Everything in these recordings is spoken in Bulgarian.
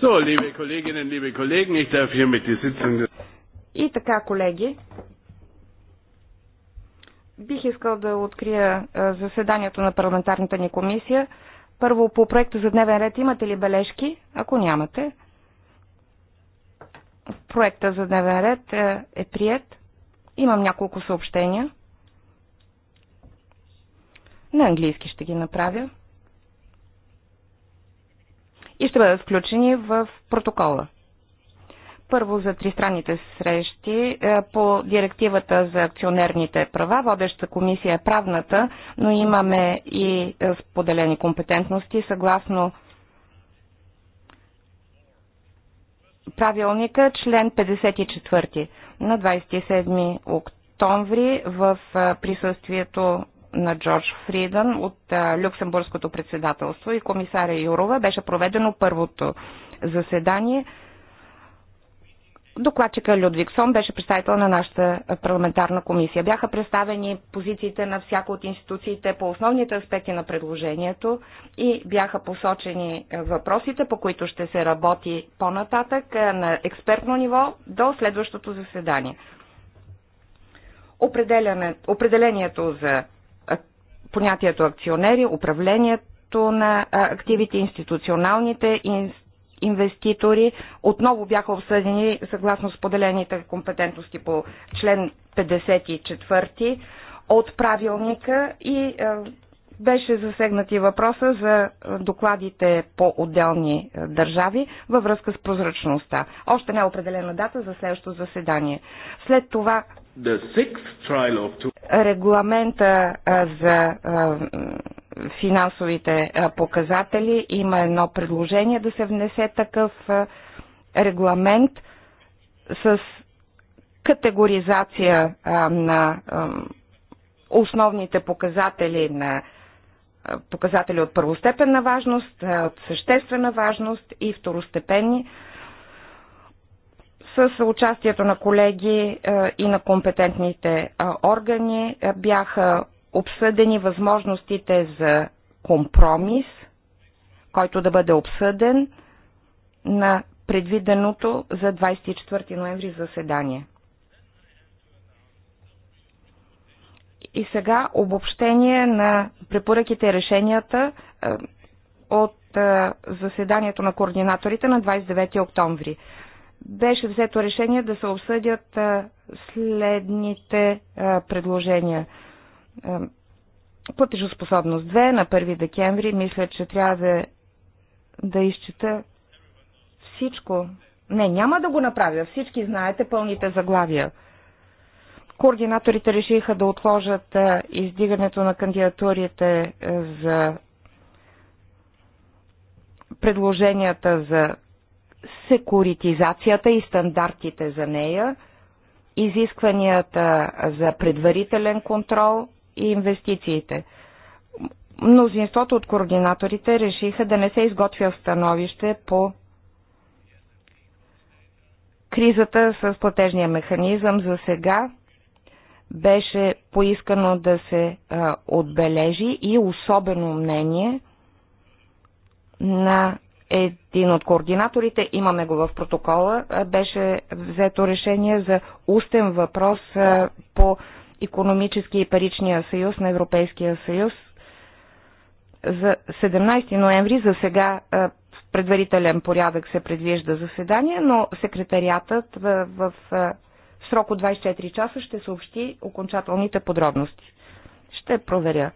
So, liebe Kolleginnen, liebe Kollegen, ich darf mit die Sitzung. И така, колеги, бих искал да открия заседанието на парламентарната ни комисия. Първо, по проекта за дневен ред имате ли бележки? Ако нямате, проекта за дневен ред е, е прият. Имам няколко съобщения. На английски ще ги направя и ще бъдат включени в протокола. Първо за тристранните срещи е, по директивата за акционерните права. Водеща комисия е правната, но имаме и е, споделени компетентности съгласно правилника, член 54 на 27 октомври в е, присъствието на Джордж Фридън от Люксембургското председателство и комисаря Юрова беше проведено първото заседание. Докладчика Людвигсон беше представител на нашата парламентарна комисия. Бяха представени позициите на всяко от институциите по основните аспекти на предложението и бяха посочени е, въпросите, по които ще се работи по-нататък е, на експертно ниво до следващото заседание. Определението за понятието акционери, управлението на активите, институционалните инвеститори отново бяха обсъдени съгласно споделените компетентности по член 54 от правилника и беше засегнат и въпроса за докладите по отделни държави във връзка с прозрачността. Още не е определена дата за следващото заседание. След това Регламента за финансовите показатели има едно предложение да се внесе такъв регламент с категоризация на основните показатели на показатели от първостепенна важност, от съществена важност и второстепенни с участието на колеги е, и на компетентните е, органи е, бяха обсъдени възможностите за компромис, който да бъде обсъден на предвиденото за 24 ноември заседание. И сега обобщение на препоръките и решенията от заседанието на координаторите на 29 октомври беше взето решение да се обсъдят следните предложения. Платежоспособност 2 на 1 декември, мисля, че трябва да, да изчета всичко. Не, няма да го направя. Всички знаете пълните заглавия. Координаторите решиха да отложат издигането на кандидатурите за предложенията за секуритизацията и стандартите за нея, изискванията за предварителен контрол и инвестициите. Мнозинството от координаторите решиха да не се изготвя становище по кризата с платежния механизъм. За сега беше поискано да се а, отбележи и особено мнение на един от координаторите, имаме го в протокола, беше взето решение за устен въпрос по економически и паричния съюз на Европейския съюз за 17 ноември. За сега в предварителен порядък се предвижда заседание, но секретариатът в срок от 24 часа ще съобщи окончателните подробности. Ще проверя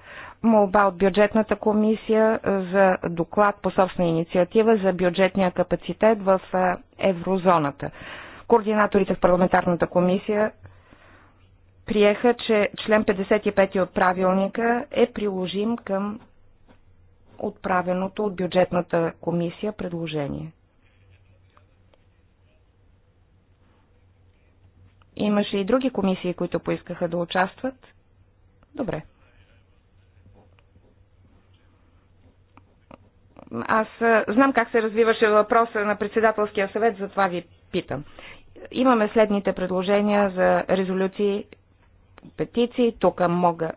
молба от бюджетната комисия за доклад по собствена инициатива за бюджетния капацитет в еврозоната. Координаторите в парламентарната комисия приеха, че член 55 от правилника е приложим към отправеното от бюджетната комисия предложение. Имаше и други комисии, които поискаха да участват. Добре. Аз знам как се развиваше въпроса на председателския съвет, затова ви питам. Имаме следните предложения за резолюции, петиции. Тук мога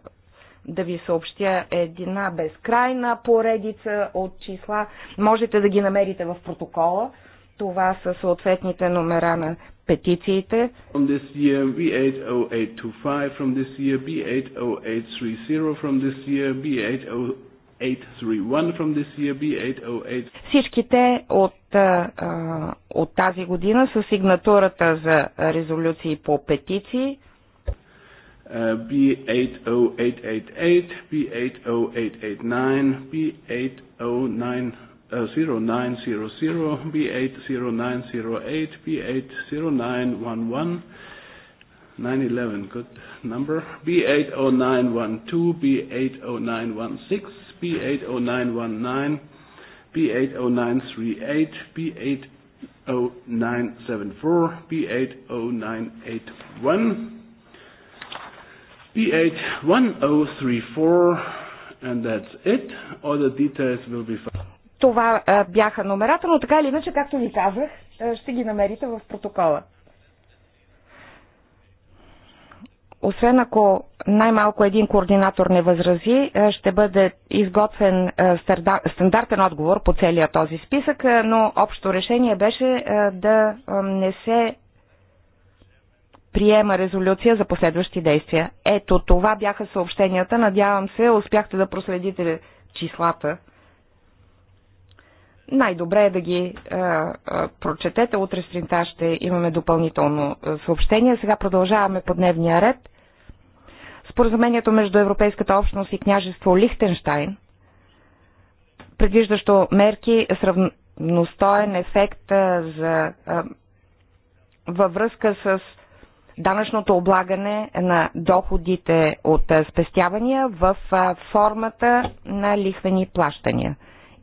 да ви съобщя една безкрайна поредица от числа. Можете да ги намерите в протокола. Това са съответните номера на петициите. From this year B80825, from this year B80830, from this year b 80 831 from this year, B808. Всичките от, а, от тази година са сигнатурата за резолюции по петиции. B80888, B80889, b 80900 B80908, B80911, 911, good number, B80912, B80916, B80919, B80938, B80974, B80981, B81034, and that's it. All the details will be found. Това бяха номерата, но така или иначе, както ви казах, ще ги намерите в протокола. освен ако най-малко един координатор не възрази, е, ще бъде изготвен е, стандартен отговор по целия този списък, е, но общо решение беше да не се приема резолюция за последващи действия. Ето това бяха съобщенията. Надявам се, успяхте да проследите числата най-добре е да ги а, е, а, е, прочетете. Утре сринта ще имаме допълнително е, съобщение. Сега продължаваме по дневния ред. Споразумението между Европейската общност и княжество Лихтенштайн, предвиждащо мерки с равностоен ефект а, за, а, във връзка с данъчното облагане на доходите от спестявания в формата на лихвени плащания.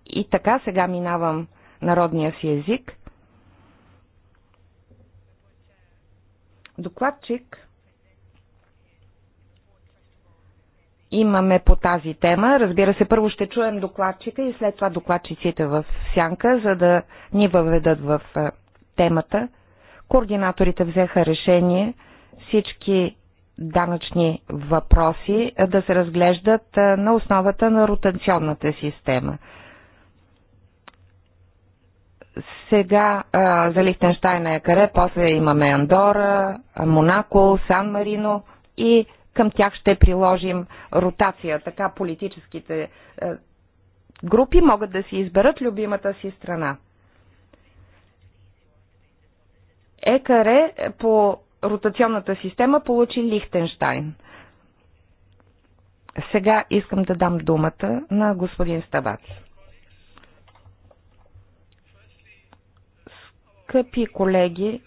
И така сега минавам народния си език. Докладчик имаме по тази тема. Разбира се, първо ще чуем докладчика и след това докладчиците в сянка, за да ни въведат в темата. Координаторите взеха решение всички данъчни въпроси да се разглеждат на основата на ротационната система. Сега а, за Лихтенштайн е каре, после имаме Андора, Монако, Сан Марино и към тях ще приложим ротация. Така политическите а, групи могат да си изберат любимата си страна. Екаре по ротационната система получи Лихтенштайн. Сега искам да дам думата на господин Ставаци. Скъпи колеги,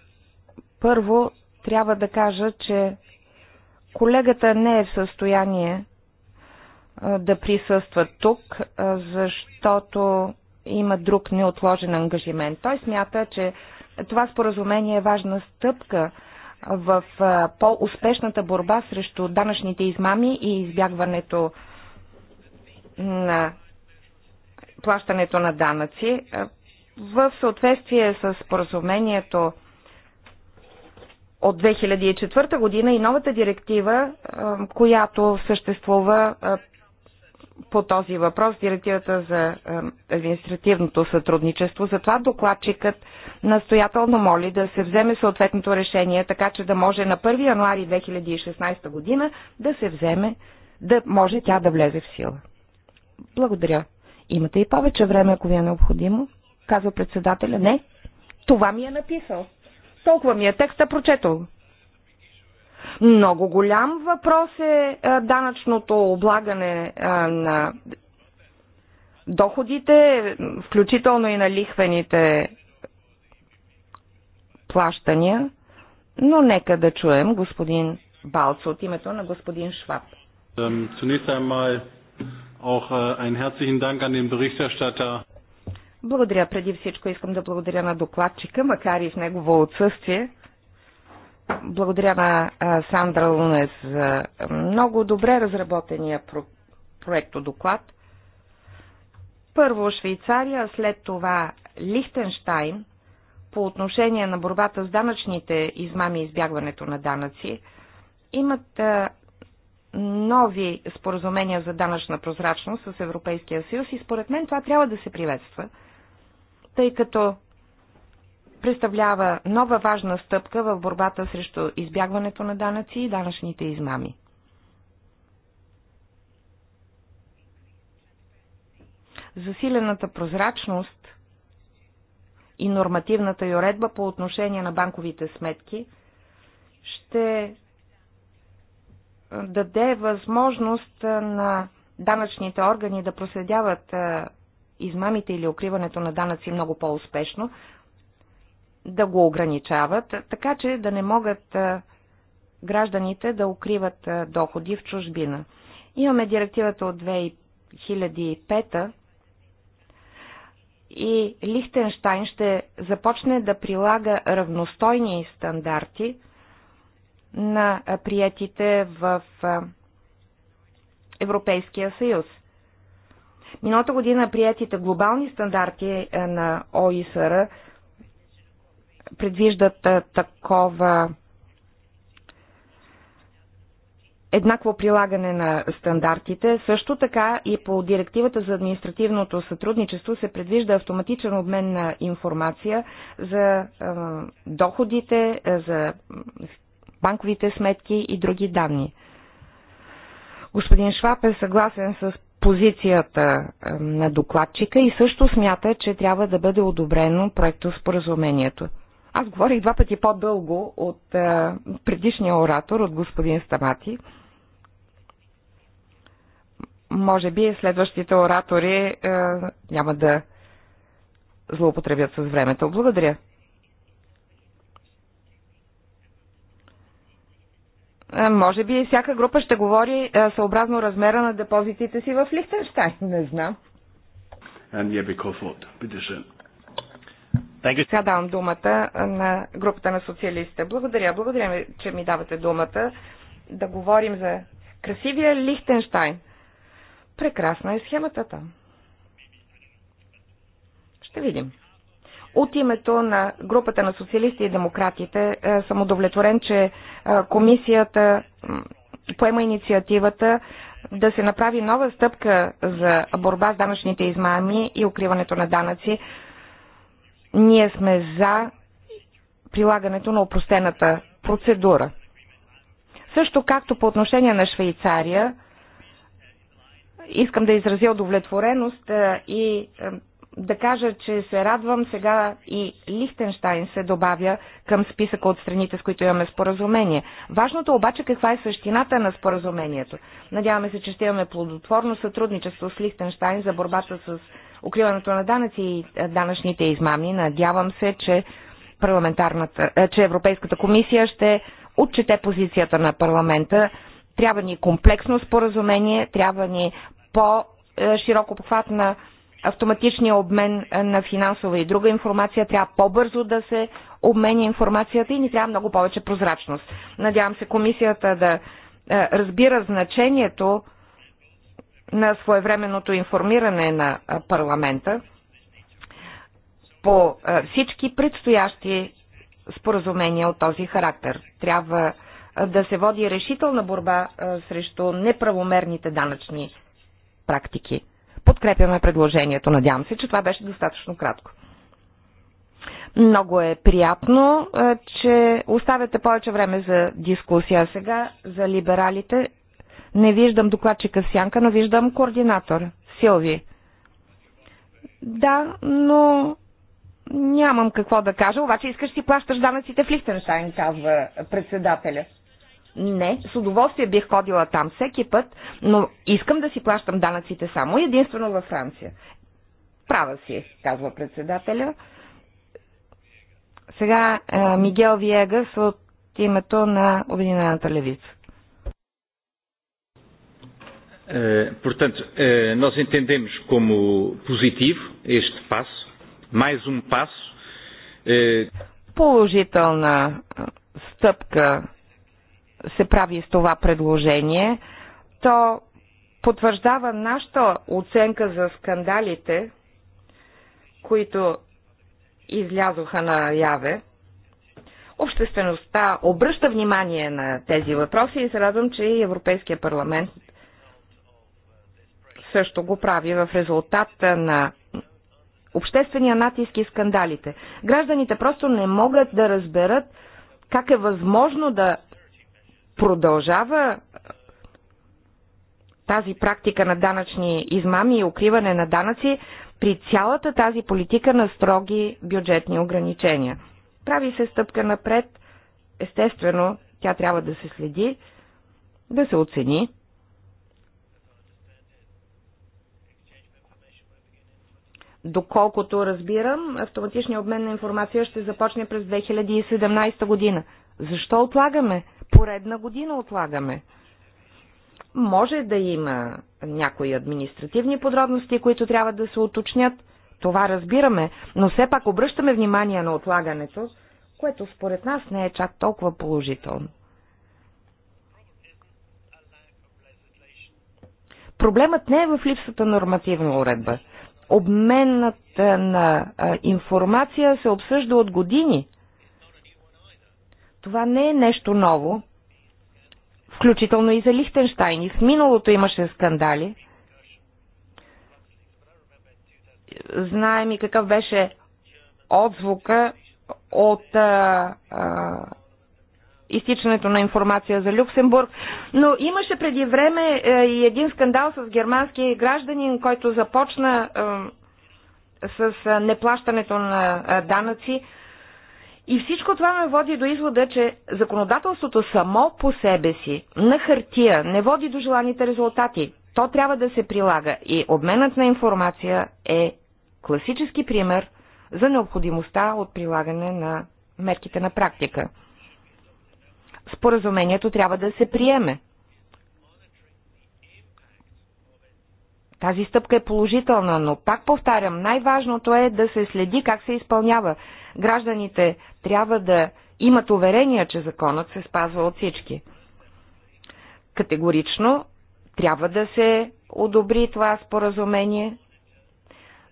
първо трябва да кажа, че колегата не е в състояние да присъства тук, защото има друг неотложен ангажимент. Той смята, че това споразумение е важна стъпка в по-успешната борба срещу данъчните измами и избягването на плащането на данъци в съответствие с споразумението от 2004 година и новата директива, е, която съществува е, по този въпрос, директивата за е, административното сътрудничество. Затова докладчикът настоятелно моли да се вземе съответното решение, така че да може на 1 януари 2016 година да се вземе, да може тя да влезе в сила. Благодаря. Имате и повече време, ако ви е необходимо казва председателя. Не, това ми е написал. Толкова ми е текста прочетал. Много голям въпрос е данъчното облагане на доходите, включително и на лихвените плащания, но нека да чуем господин Балц от името на господин Шваб. Zunächst einmal auch einen herzlichen Dank an den Berichterstatter. Благодаря. Преди всичко искам да благодаря на докладчика, макар и в негово отсъствие. Благодаря на Сандра Лунес за много добре разработения проект доклад. Първо Швейцария, след това Лихтенштайн по отношение на борбата с данъчните измами и избягването на данъци имат нови споразумения за данъчна прозрачност с Европейския съюз и според мен това трябва да се приветства – тъй като представлява нова важна стъпка в борбата срещу избягването на данъци и данъчните измами. Засилената прозрачност и нормативната й уредба по отношение на банковите сметки ще даде възможност на данъчните органи да проследяват измамите или укриването на данъци много по-успешно, да го ограничават, така че да не могат гражданите да укриват доходи в чужбина. Имаме директивата от 2005 и Лихтенштайн ще започне да прилага равностойни стандарти на приетите в Европейския съюз. Миналата година приятите глобални стандарти е, на ОИСР предвиждат е, такова еднакво прилагане на стандартите. Също така и по директивата за административното сътрудничество се предвижда автоматичен обмен на информация за е, доходите, е, за банковите сметки и други данни. Господин Шваб е съгласен с позицията е, на докладчика и също смята, че трябва да бъде одобрено проекто споразумението. Аз говорих два пъти по-дълго от е, предишния оратор, от господин Стамати. Може би следващите оратори е, няма да злоупотребят с времето. Благодаря. Е, може би всяка група ще говори е, съобразно размера на депозитите си в Лихтенштайн. Не знам. Сега давам думата на групата на социалистите. Благодаря, благодаря, че ми давате думата да говорим за красивия Лихтенштайн. Прекрасна е схемата там. Ще видим. От името на групата на социалисти и демократите е, съм удовлетворен, че е, комисията поема инициативата да се направи нова стъпка за борба с данъчните измами и укриването на данъци. Ние сме за прилагането на опростената процедура. Също както по отношение на Швейцария, искам да изразя удовлетвореност е, и да кажа, че се радвам сега и Лихтенштайн се добавя към списъка от страните, с които имаме споразумение. Важното обаче каква е същината на споразумението. Надяваме се, че ще имаме плодотворно сътрудничество с Лихтенштайн за борбата с укриването на данъци и е, данъчните измами. Надявам се, че, парламентарната, е, че Европейската комисия ще отчете позицията на парламента. Трябва ни комплексно споразумение, трябва ни по-широко е, похват на автоматичния обмен на финансова и друга информация, трябва по-бързо да се обменя информацията и ни трябва много повече прозрачност. Надявам се комисията да разбира значението на своевременното информиране на парламента по всички предстоящи споразумения от този характер. Трябва да се води решителна борба срещу неправомерните данъчни практики подкрепяме предложението. Надявам се, че това беше достатъчно кратко. Много е приятно, че оставяте повече време за дискусия сега за либералите. Не виждам докладчика сянка, но виждам координатор. Силви. Да, но нямам какво да кажа, обаче искаш си плащаш данъците в Лихтенштайн, казва председателя. Не, с удоволствие бих ходила там всеки път, но искам да си плащам данъците само единствено във Франция. Права си, казва председателя. Сега е, Мигел Виегас от името на Обединената левица. Uh, portanto, uh, nós entendemos como positivo este passo, mais um passo. Uh... Положителна стъпка се прави с това предложение, то потвърждава нашата оценка за скандалите, които излязоха на яве. Обществеността обръща внимание на тези въпроси и се радвам, че и Европейския парламент също го прави в резултат на обществения натиск и скандалите. Гражданите просто не могат да разберат как е възможно да продължава тази практика на данъчни измами и укриване на данъци при цялата тази политика на строги бюджетни ограничения. Прави се стъпка напред, естествено тя трябва да се следи, да се оцени. Доколкото разбирам, автоматичният обмен на информация ще започне през 2017 година. Защо отлагаме? поредна година отлагаме. Може да има някои административни подробности, които трябва да се уточнят. Това разбираме, но все пак обръщаме внимание на отлагането, което според нас не е чак толкова положително. Проблемът не е в липсата нормативна уредба. Обменът е, на е, информация се обсъжда от години. Това не е нещо ново включително и за Лихтенштайн. И в миналото имаше скандали. Знаем и какъв беше отзвука от а, а, изтичането на информация за Люксембург. Но имаше преди време а, и един скандал с германски гражданин, който започна а, с а, неплащането на а, данъци и всичко това ме води до извода, че законодателството само по себе си, на хартия, не води до желаните резултати. То трябва да се прилага и обменът на информация е класически пример за необходимостта от прилагане на мерките на практика. Споразумението трябва да се приеме. Тази стъпка е положителна, но пак повтарям, най-важното е да се следи как се изпълнява. Гражданите трябва да имат уверение, че законът се спазва от всички. Категорично трябва да се одобри това споразумение,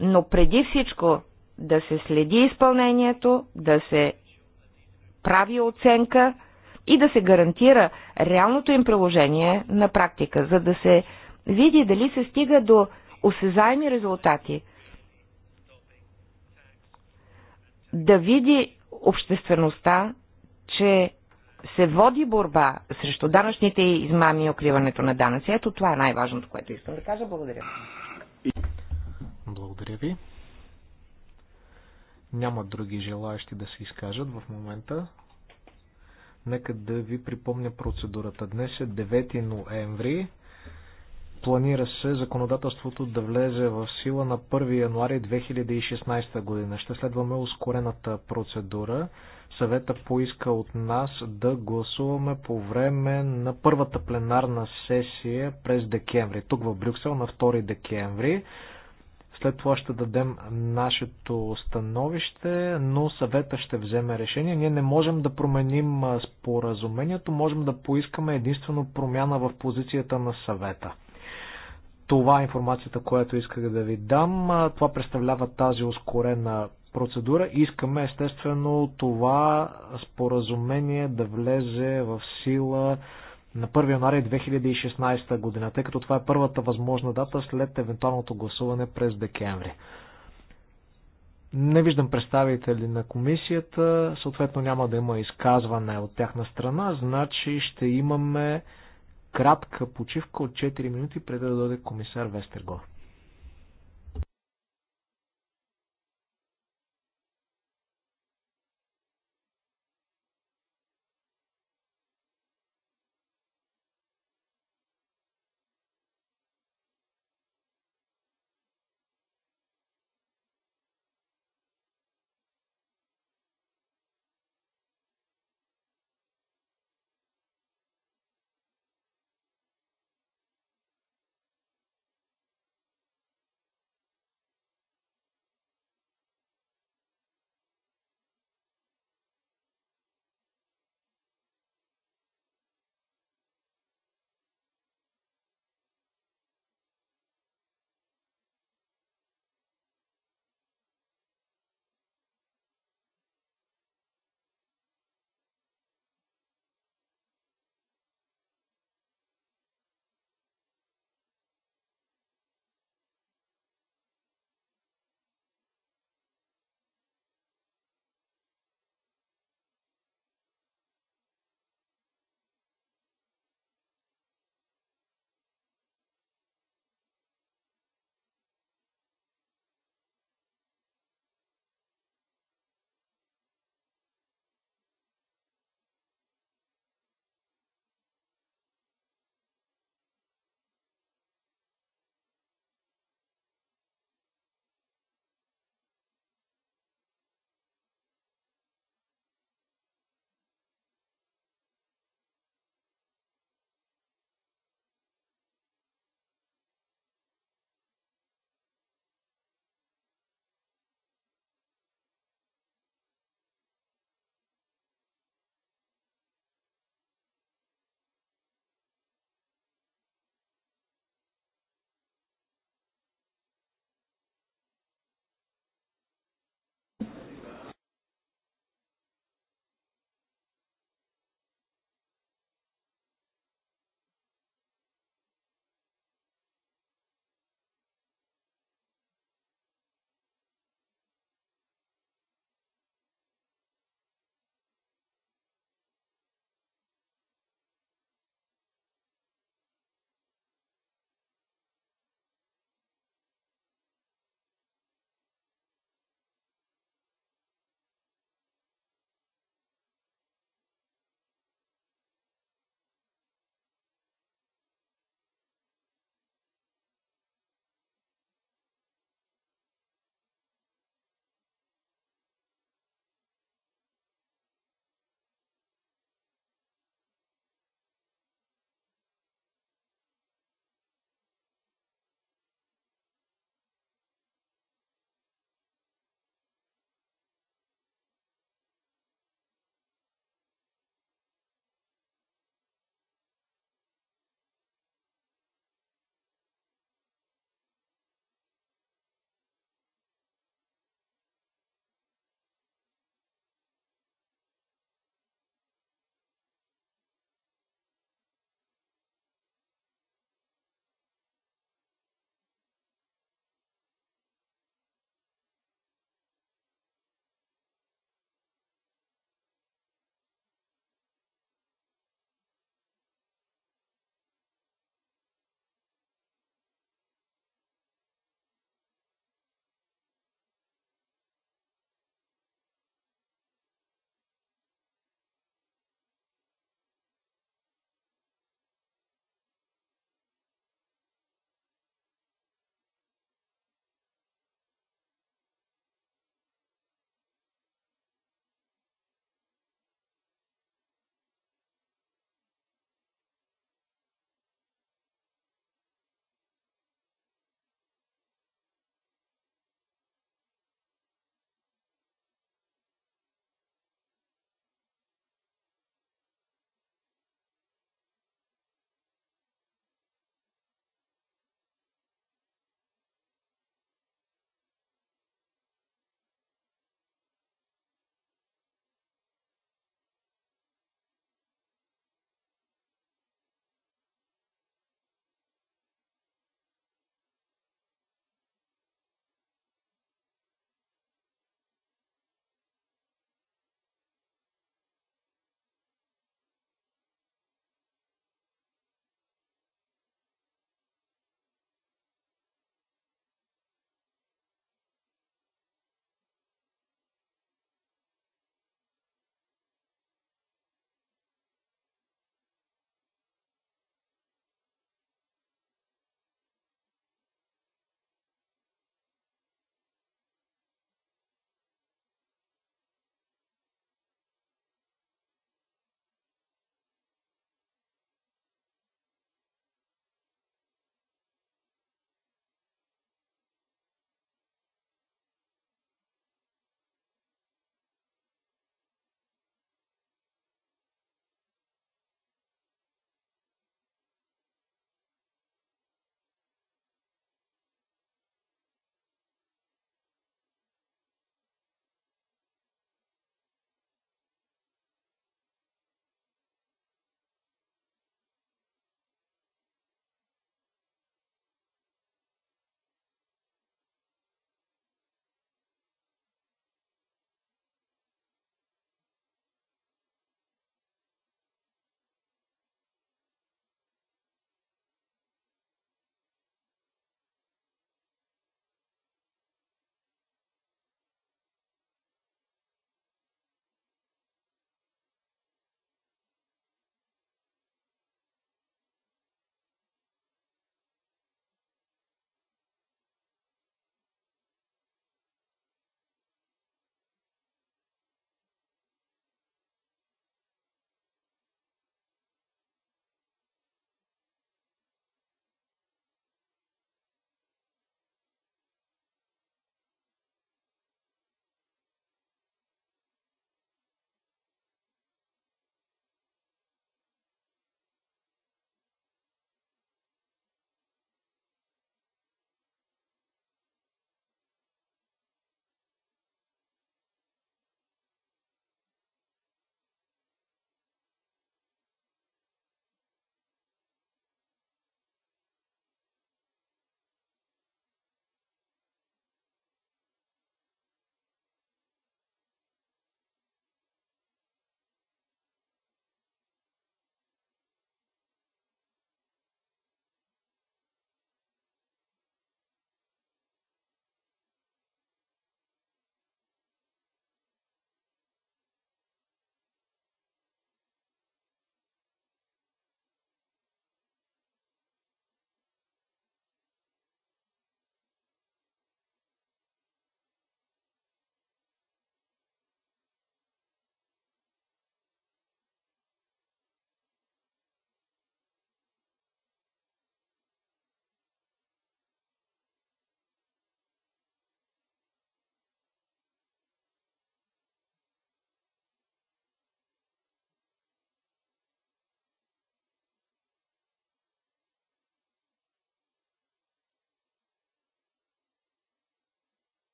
но преди всичко да се следи изпълнението, да се прави оценка и да се гарантира реалното им приложение на практика, за да се види дали се стига до осезаеми резултати, да види обществеността, че се води борба срещу данъчните измами и укриването на данъци. Ето това е най-важното, което искам да кажа. Благодаря. Благодаря ви. Няма други желаящи да се изкажат в момента. Нека да ви припомня процедурата. Днес е 9 ноември. Планира се законодателството да влезе в сила на 1 януари 2016 година. Ще следваме ускорената процедура. Съвета поиска от нас да гласуваме по време на първата пленарна сесия през декември, тук в Брюксел на 2 декември. След това ще дадем нашето становище, но съвета ще вземе решение. Ние не можем да променим споразумението, можем да поискаме единствено промяна в позицията на съвета. Това е информацията, която исках да ви дам. Това представлява тази ускорена процедура. Искаме естествено това споразумение да влезе в сила на 1 януари 2016 година, тъй като това е първата възможна дата след евентуалното гласуване през декември. Не виждам представители на комисията, съответно няма да има изказване от тяхна страна, значи ще имаме кратка почивка от 4 минути преди да дойде комисар Вестерго.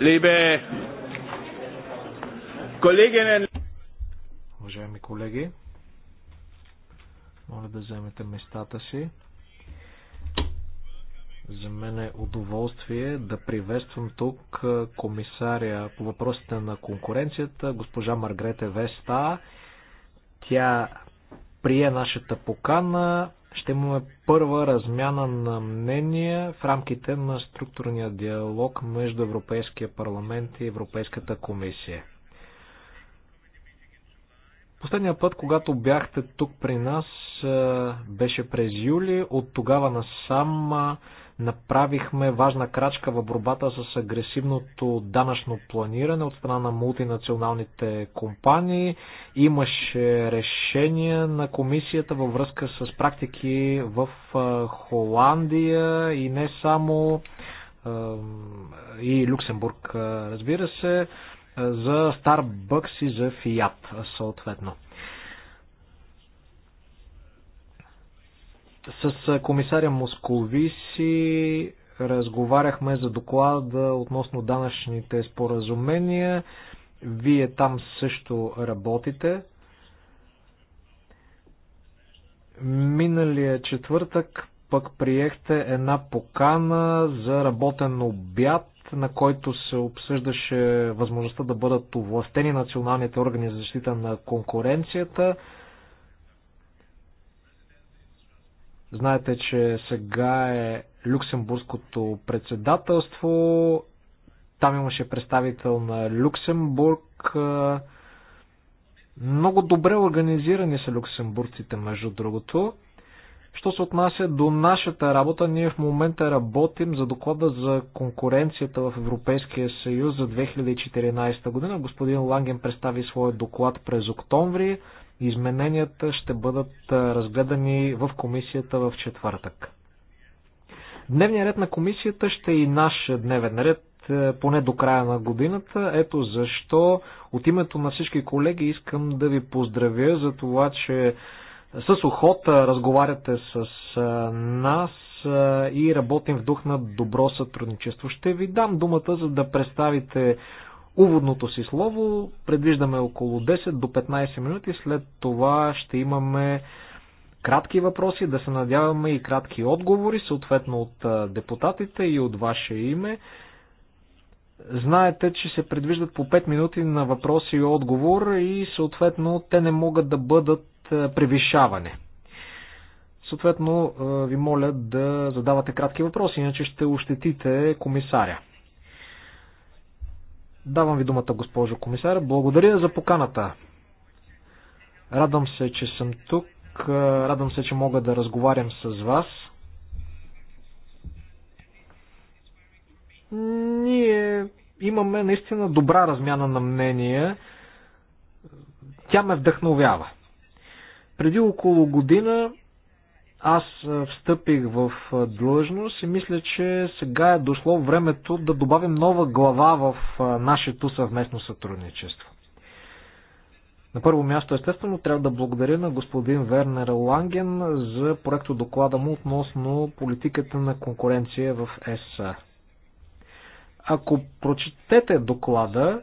Либе колеги, Уважаеми колеги, моля да вземете местата си. За мен е удоволствие да приветствам тук комисаря по въпросите на конкуренцията, госпожа Маргрете Веста. Тя прие нашата покана ще имаме първа размяна на мнения в рамките на структурния диалог между Европейския парламент и Европейската комисия. Последния път, когато бяхте тук при нас, беше през юли. От тогава насам Направихме важна крачка в борбата с агресивното данъчно планиране от страна на мултинационалните компании. Имаше решение на комисията във връзка с практики в Холандия и не само и Люксембург, разбира се, за Starbucks и за Fiat съответно. С комисаря Московиси разговаряхме за доклада относно данъчните споразумения. Вие там също работите. Миналия четвъртък пък приехте една покана за работен обяд, на който се обсъждаше възможността да бъдат овластени националните органи за защита на конкуренцията. Знаете, че сега е Люксембургското председателство. Там имаше представител на Люксембург. Много добре организирани са люксембургците, между другото. Що се отнася до нашата работа, ние в момента работим за доклада за конкуренцията в Европейския съюз за 2014 година. Господин Ланген представи своя доклад през октомври. Измененията ще бъдат разгледани в комисията в четвъртък. Дневният ред на комисията ще е и наш дневен ред, е, поне до края на годината. Ето защо от името на всички колеги искам да ви поздравя за това, че с охота разговаряте с нас и работим в дух на добро сътрудничество. Ще ви дам думата, за да представите уводното си слово. Предвиждаме около 10 до 15 минути. След това ще имаме кратки въпроси, да се надяваме и кратки отговори, съответно от депутатите и от ваше име. Знаете, че се предвиждат по 5 минути на въпроси и отговор и съответно те не могат да бъдат превишавани. Съответно, ви моля да задавате кратки въпроси, иначе ще ощетите комисаря. Давам ви думата, госпожо комисар. Благодаря за поканата. Радвам се, че съм тук. Радвам се, че мога да разговарям с вас. Ние имаме наистина добра размяна на мнения. Тя ме вдъхновява. Преди около година аз встъпих в длъжност и мисля, че сега е дошло времето да добавим нова глава в нашето съвместно сътрудничество. На първо място, естествено, трябва да благодаря на господин Вернер Ланген за проекто доклада му относно политиката на конкуренция в ЕСА. Ако прочетете доклада,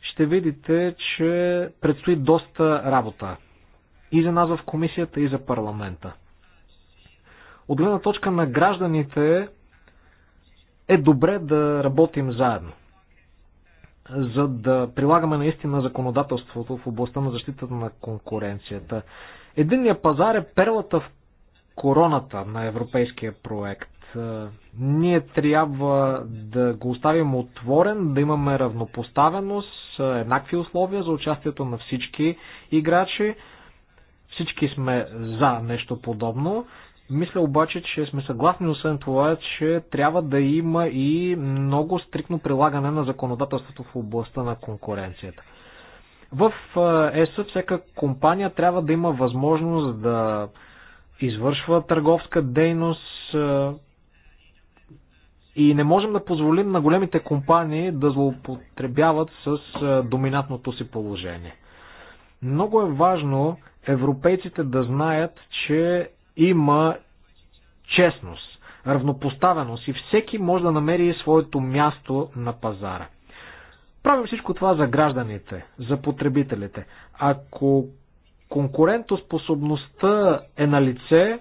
ще видите, че предстои доста работа. И за нас в комисията, и за парламента. От гледна точка на гражданите е добре да работим заедно, за да прилагаме наистина законодателството в областта на защитата на конкуренцията. Единният пазар е перлата в короната на европейския проект. Е, ние трябва да го оставим отворен, да имаме равнопоставеност, е, еднакви условия за участието на всички играчи. Всички сме за нещо подобно. Мисля обаче, че сме съгласни, освен това, че трябва да има и много стрикно прилагане на законодателството в областта на конкуренцията. В ЕСО всяка компания трябва да има възможност да извършва търговска дейност и не можем да позволим на големите компании да злоупотребяват с доминантното си положение. Много е важно европейците да знаят, че има честност, равнопоставеност и всеки може да намери своето място на пазара. Правим всичко това за гражданите, за потребителите. Ако конкурентоспособността е на лице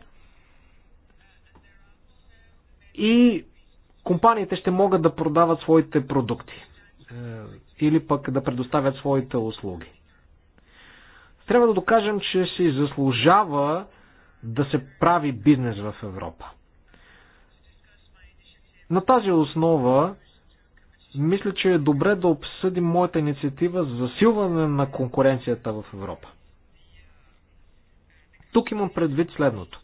и компаниите ще могат да продават своите продукти е, или пък да предоставят своите услуги. Трябва да докажем, че си заслужава да се прави бизнес в Европа. На тази основа мисля, че е добре да обсъдим моята инициатива за засилване на конкуренцията в Европа. Тук имам предвид следното.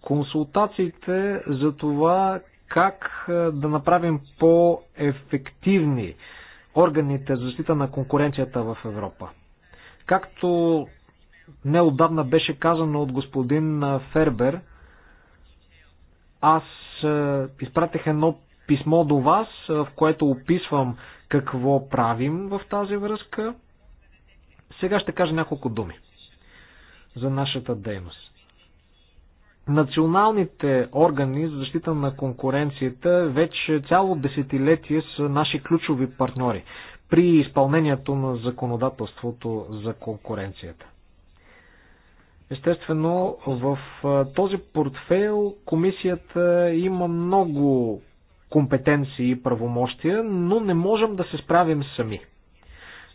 Консултациите за това как да направим по-ефективни органите за защита на конкуренцията в Европа. Както неодавна беше казано от господин Фербер. Аз изпратих едно писмо до вас, в което описвам какво правим в тази връзка. Сега ще кажа няколко думи за нашата дейност. Националните органи за защита на конкуренцията вече цяло десетилетие са наши ключови партньори при изпълнението на законодателството за конкуренцията. Естествено, в този портфейл комисията има много компетенции и правомощия, но не можем да се справим сами.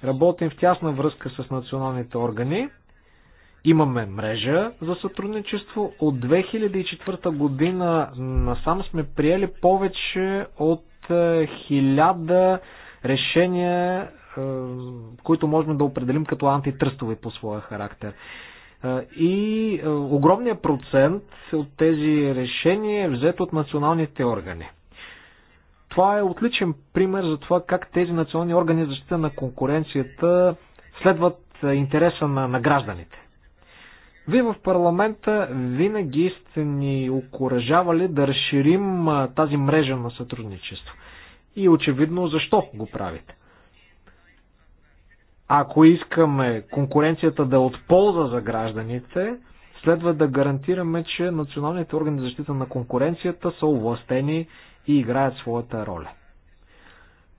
Работим в тясна връзка с националните органи. Имаме мрежа за сътрудничество. От 2004 година насам сме приели повече от 1000 решения, които можем да определим като антитръстови по своя характер и огромният процент от тези решения е взет от националните органи. Това е отличен пример за това как тези национални органи за защита на конкуренцията следват интереса на, на гражданите. Вие в парламента винаги сте ни окоръжавали да разширим тази мрежа на сътрудничество. И очевидно защо го правите. Ако искаме конкуренцията да е от полза за гражданите, следва да гарантираме, че националните органи за защита на конкуренцията са овластени и играят своята роля.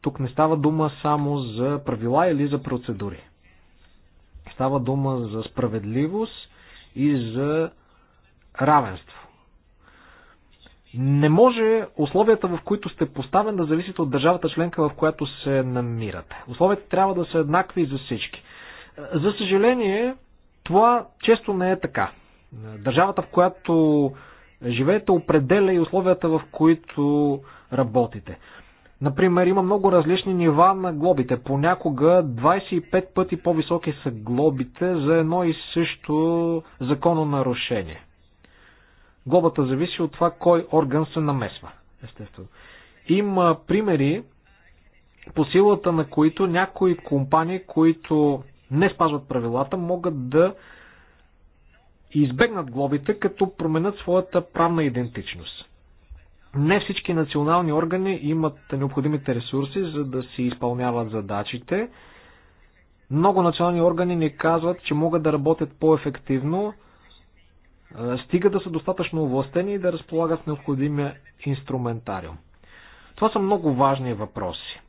Тук не става дума само за правила или за процедури. Става дума за справедливост и за равенство. Не може условията, в които сте поставен, да зависят от държавата членка, в която се намирате. Условията трябва да са еднакви за всички. За съжаление, това често не е така. Държавата, в която живеете, определя и условията, в които работите. Например, има много различни нива на глобите. Понякога 25 пъти по-високи са глобите за едно и също закононарушение. Глобата зависи от това кой орган се намесва, естествено. Има примери, по силата на които някои компании, които не спазват правилата, могат да избегнат глобите, като променят своята правна идентичност. Не всички национални органи имат необходимите ресурси, за да си изпълняват задачите. Много национални органи ни казват, че могат да работят по-ефективно, стига да са достатъчно овластени и да разполагат необходимия инструментариум. Това са много важни въпроси.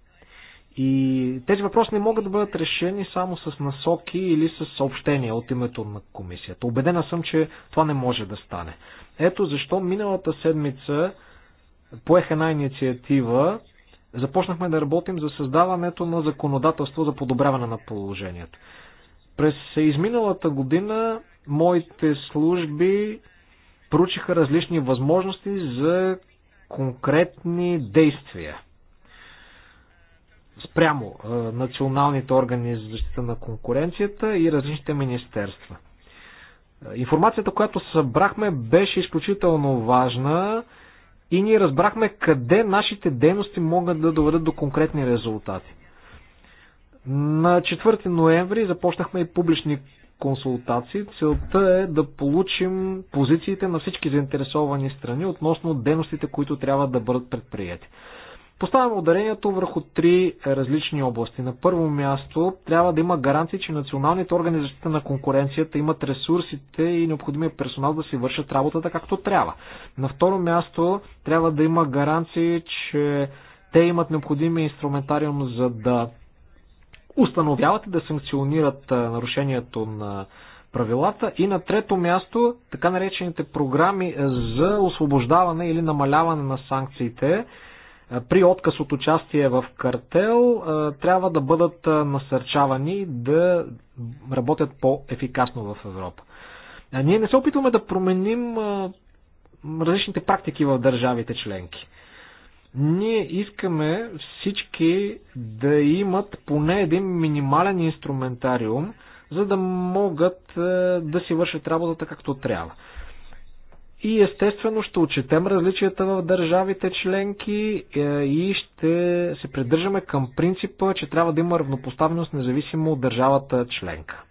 И тези въпроси не могат да бъдат решени само с насоки или с съобщения от името на комисията. Обедена съм, че това не може да стане. Ето защо миналата седмица поех една инициатива, започнахме да работим за създаването на законодателство за подобряване на положението. През изминалата година моите служби проучиха различни възможности за конкретни действия спрямо е, националните органи за защита на конкуренцията и различните министерства. Информацията, която събрахме, беше изключително важна и ние разбрахме къде нашите дейности могат да доведат до конкретни резултати. На 4 ноември започнахме и публични консултации. Целта е да получим позициите на всички заинтересовани страни относно дейностите, които трябва да бъдат предприяти. Поставяме ударението върху три различни области. На първо място трябва да има гаранции, че националните органи за защита на конкуренцията имат ресурсите и необходимия персонал да си вършат работата както трябва. На второ място трябва да има гаранции, че те имат необходимия инструментариум за да установяват и да санкционират нарушението на правилата. И на трето място, така наречените програми за освобождаване или намаляване на санкциите при отказ от участие в картел трябва да бъдат насърчавани да работят по-ефикасно в Европа. Ние не се опитваме да променим различните практики в държавите членки. Ние искаме всички да имат поне един минимален инструментариум, за да могат е, да си вършат работата както трябва. И естествено ще отчетем различията в държавите членки е, и ще се придържаме към принципа, че трябва да има равнопоставеност независимо от държавата членка.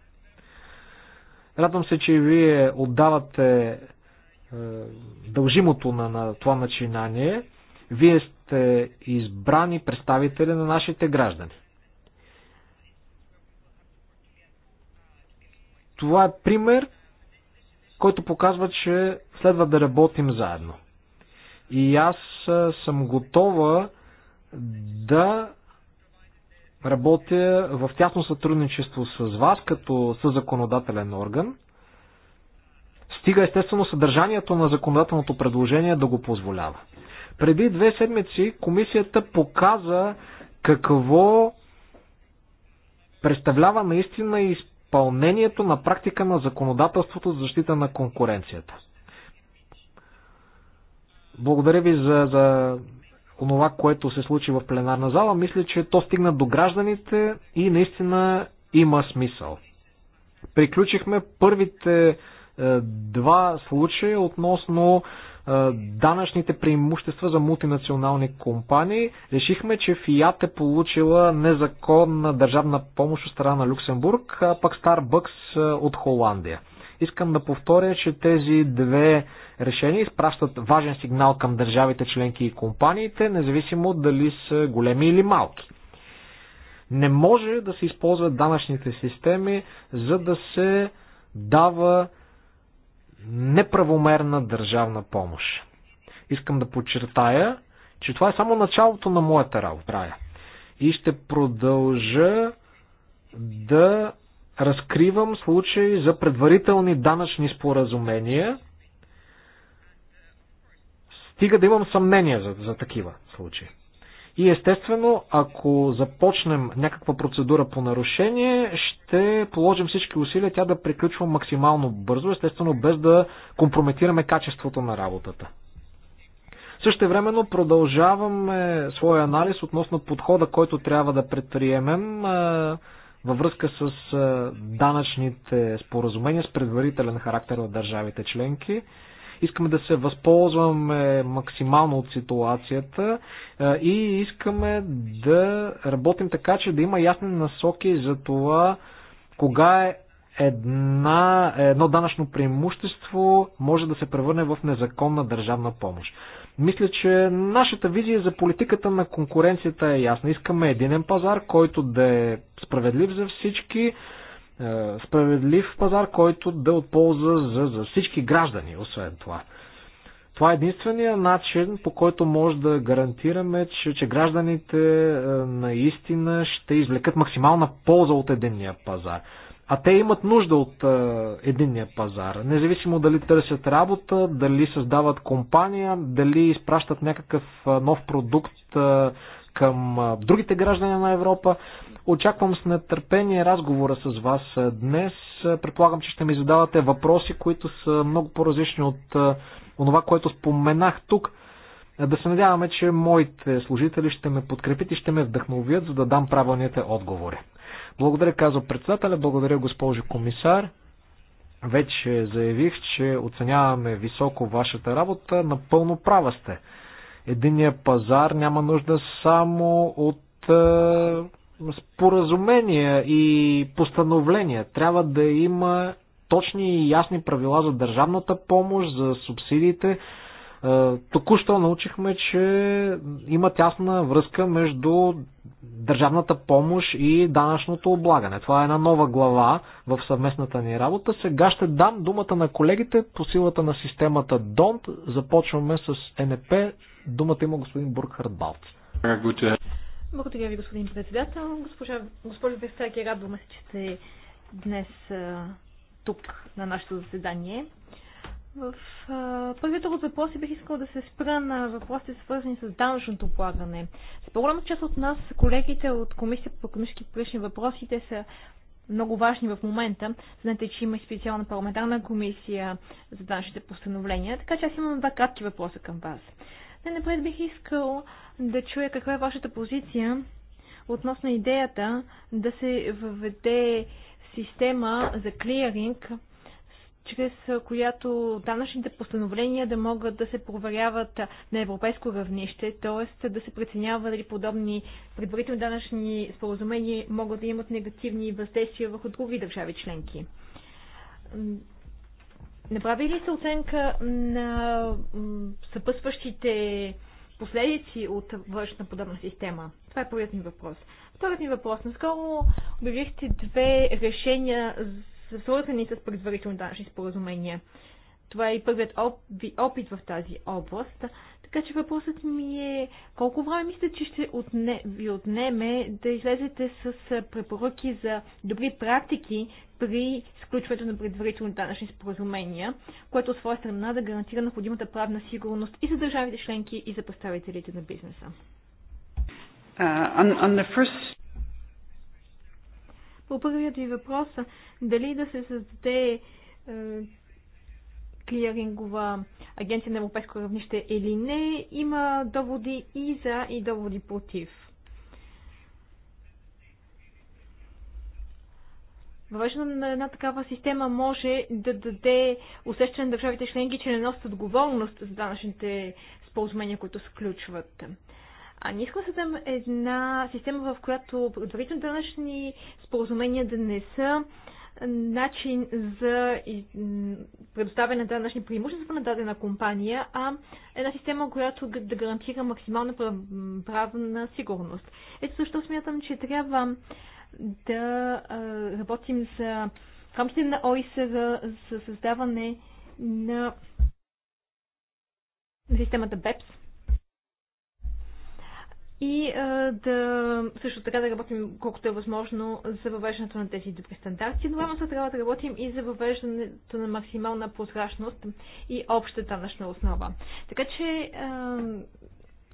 Радвам се, че вие отдавате е, дължимото на, на това начинание. Вие сте избрани представители на нашите граждани. Това е пример, който показва, че следва да работим заедно. И аз съм готова да работя в тясно сътрудничество с вас като съзаконодателен орган. Стига естествено съдържанието на законодателното предложение да го позволява. Преди две седмици комисията показа какво представлява наистина изпълнението на практика на законодателството за защита на конкуренцията. Благодаря ви за, за онова, което се случи в пленарна зала. Мисля, че то стигна до гражданите и наистина има смисъл. Приключихме първите е, два случая относно данъчните преимущества за мултинационални компании. Решихме, че Фиат е получила незаконна държавна помощ от страна на Люксембург, а пък Старбъкс от Холандия. Искам да повторя, че тези две решения изпращат важен сигнал към държавите членки и компаниите, независимо дали са големи или малки. Не може да се използват данъчните системи, за да се дава неправомерна държавна помощ. Искам да подчертая, че това е само началото на моята работа. И ще продължа да разкривам случаи за предварителни данъчни споразумения, стига да имам съмнение за, за такива случаи. И естествено, ако започнем някаква процедура по нарушение, ще положим всички усилия тя да приключва максимално бързо, естествено без да компрометираме качеството на работата. Също времено продължаваме своя анализ относно подхода, който трябва да предприемем във връзка с данъчните споразумения с предварителен характер от държавите членки искаме да се възползваме максимално от ситуацията и искаме да работим така, че да има ясни насоки за това кога е една, едно данъчно преимущество може да се превърне в незаконна държавна помощ. Мисля, че нашата визия за политиката на конкуренцията е ясна. Искаме единен пазар, който да е справедлив за всички, е, справедлив пазар, който да е от полза за, за всички граждани, освен това. Това е единствения начин, по който може да гарантираме, че, че гражданите е, наистина ще извлекат максимална полза от единния пазар. А те имат нужда от е, единния пазар. Независимо дали търсят работа, дали създават компания, дали изпращат някакъв нов продукт е, към е, другите граждани на Европа. Очаквам с нетърпение разговора с вас днес. Предполагам, че ще ми задавате въпроси, които са много по-различни от това, което споменах тук. Да се надяваме, че моите служители ще ме подкрепят и ще ме вдъхновят, за да дам правилните отговори. Благодаря, казва председателя, благодаря госпожо комисар. Вече заявих, че оценяваме високо вашата работа. Напълно права сте. Единия пазар няма нужда само от споразумения и постановления. Трябва да има точни и ясни правила за държавната помощ, за субсидиите. Е, току-що научихме, че има тясна връзка между държавната помощ и данъчното облагане. Това е една нова глава в съвместната ни работа. Сега ще дам думата на колегите по силата на системата ДОНТ. Започваме с НП. Думата има господин Бургхард Балц. Благодаря ви, господин председател. Госпожа, госпожо Вестаки, радваме се, че сте днес тук на нашето заседание. В а, първият от въпроси бих искала да се спра на въпросите, свързани с данъчното полагане. С по-голяма част от нас, колегите от Комисията по економически прилични въпроси, те са много важни в момента. Знаете, че има специална парламентарна комисия за данъчните постановления, така че аз имам два кратки въпроса към вас. Най-напред бих искал да чуя каква е вашата позиция относно идеята да се въведе система за клиринг, чрез която данъчните постановления да могат да се проверяват на европейско равнище, т.е. да се преценява дали подобни предварителни данъчни споразумения могат да имат негативни въздействия върху други държави членки. Направи ли се оценка на съпъсващите последици от външна подобна система? Това е първият ми въпрос. Вторият ми въпрос. Наскоро обявихте две решения свързани с предварителни данъчни споразумения. Това е и първият ви опит в тази област. Така че въпросът ми е колко време мислите, че ще отне, ви отнеме да излезете с препоръки за добри практики при сключването на предварителни данъчни споразумения, което от своя страна да гарантира необходимата правна сигурност и за държавите членки и за представителите на бизнеса. Uh, on, on first... По първият ви въпрос, дали да се създаде клирингова агенция на европейско равнище или не, има доводи и за, и доводи против. Въвеждането на една такава система може да даде усещане на държавите членки, че не носят отговорност за данъчните споразумения, които сключват. А ние искаме да една система, в която предварително данъчни споразумения да не са начин за предоставяне на данъчни преимущества на дадена компания, а една система, която да гарантира максимална правна сигурност. Ето защо смятам, че трябва да работим за рамките на ОИСР за създаване на системата БЕПС, и а, да също така да работим колкото е възможно за въвеждането на тези добри стандарти. Но се трябва да работим и за въвеждането на максимална прозрачност и обща данъчна основа. Така че а,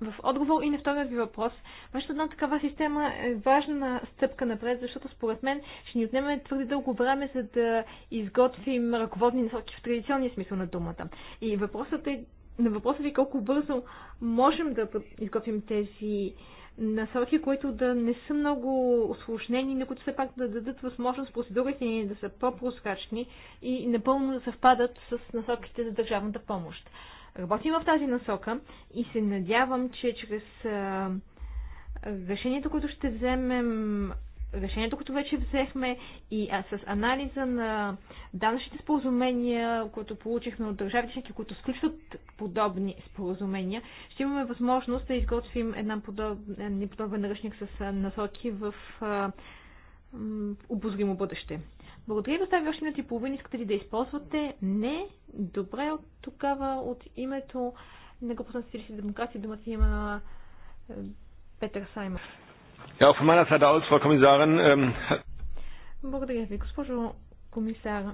в отговор и на втория ви въпрос, вашето една такава система е важна стъпка напред, защото според мен ще ни отнеме твърде дълго време, за да изготвим ръководни насоки в традиционния смисъл на думата. И въпросът е на въпроса ви колко бързо можем да изготвим тези насоки, които да не са много осложнени, но които все пак да дадат възможност процедурите ни да са по проскачни и напълно да съвпадат с насоките за държавната помощ. Работим в тази насока и се надявам, че чрез решението, което ще вземем решението, което вече взехме и а, с анализа на данъчните споразумения, които получихме от държавите членки, които сключват подобни споразумения, ще имаме възможност да изготвим една подоб... подобен ръчник с насоки в а, обозримо бъдеще. Благодаря ви, остави още минути и половина. Искате ли да използвате? Не. Добре, от тогава от името на групата на демократи думата има Петър Саймър. Ja, von meiner Seite aus, Frau Kommissarin. Ähm... Благодаря ви, госпожо комисара.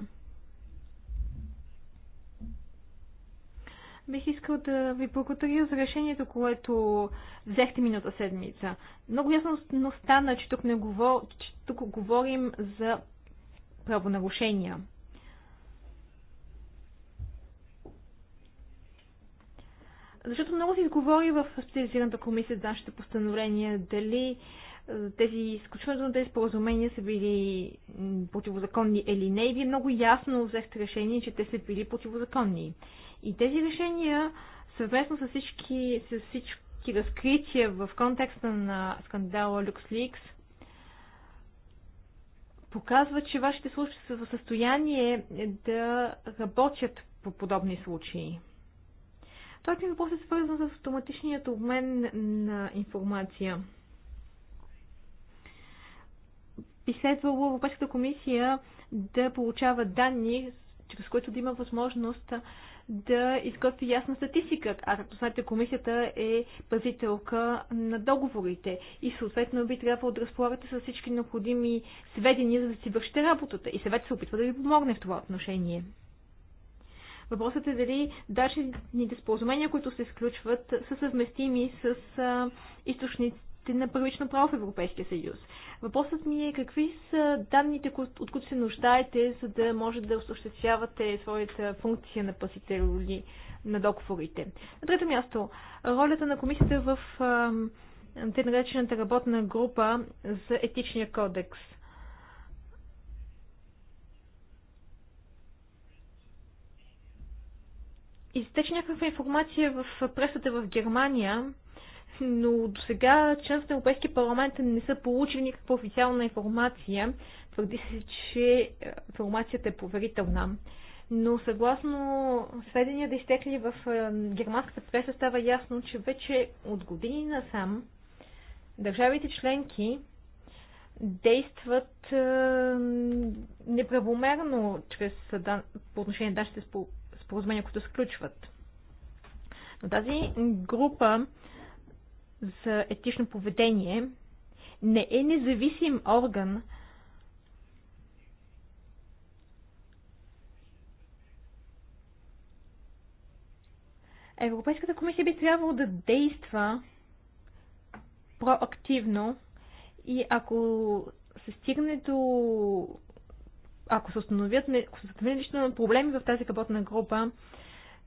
Бих искал да ви благодаря за решението, което взехте миналата седмица. Много ясно стана, че тук, не говор... че тук говорим за правонарушения. Защото много се изговори в специализираната комисия за нашите постановления, дали е, тези изключването на тези споразумения са били противозаконни или не, и вие много ясно взехте решение, че те са били противозаконни. И тези решения, съвместно с всички, с всички разкрития в контекста на скандала LuxLeaks, показва, че вашите служби са в състояние да работят по подобни случаи. Вторият ми въпрос е свързан с автоматичният обмен на информация. Би следвало Европейската комисия да получава данни, чрез които да има възможност да изготви ясна статистика. А както знаете, комисията е пазителка на договорите и съответно би трябвало да разполагате с всички необходими сведения, за да си вършите работата. И съвет се опитва да ви помогне в това отношение. Въпросът е дали дачните споразумения, които се сключват, са съвместими с източниците на първично право в Европейския съюз. Въпросът ми е какви са данните, от които се нуждаете, за да може да осъществявате своята функция на пасителоли на договорите. На трето място, ролята на комисията в те наречената работна група за етичния кодекс – изтече някаква информация в пресата в Германия, но до сега членството на Европейския парламент не са получили никаква официална информация. Твърди се, че е, информацията е поверителна. Но съгласно сведения да изтекли в е, германската преса става ясно, че вече от години насам държавите членки действат е, неправомерно чрез, по отношение на данните споразумения, които сключват. Но тази група за етично поведение не е независим орган, Европейската комисия би трябвало да действа проактивно и ако се стигне до ако се установят, ако се установят лично проблеми в тази работна група,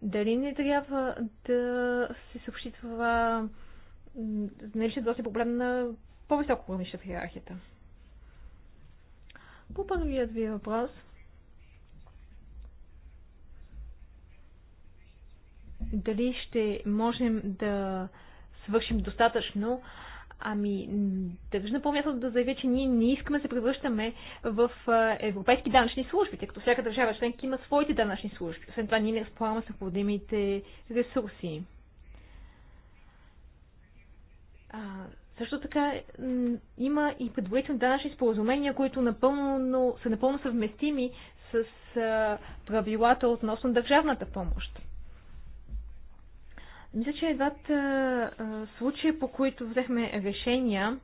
дали не трябва да се съобщи това нали, ще доста проблем на по-високо равнище в иерархията? По първият ви въпрос, дали ще можем да свършим достатъчно, Ами, държа е на по-място да заявя, че ние не искаме да се превръщаме в европейски данъчни служби, тъй като всяка държава членка има своите данъчни служби. Освен това, ние не разполагаме с необходимите ресурси. А, също така има и предварителни данъчни споразумения, които напълно, са напълно съвместими с правилата относно държавната помощ. Мисля, че едва случаи, по които взехме решения,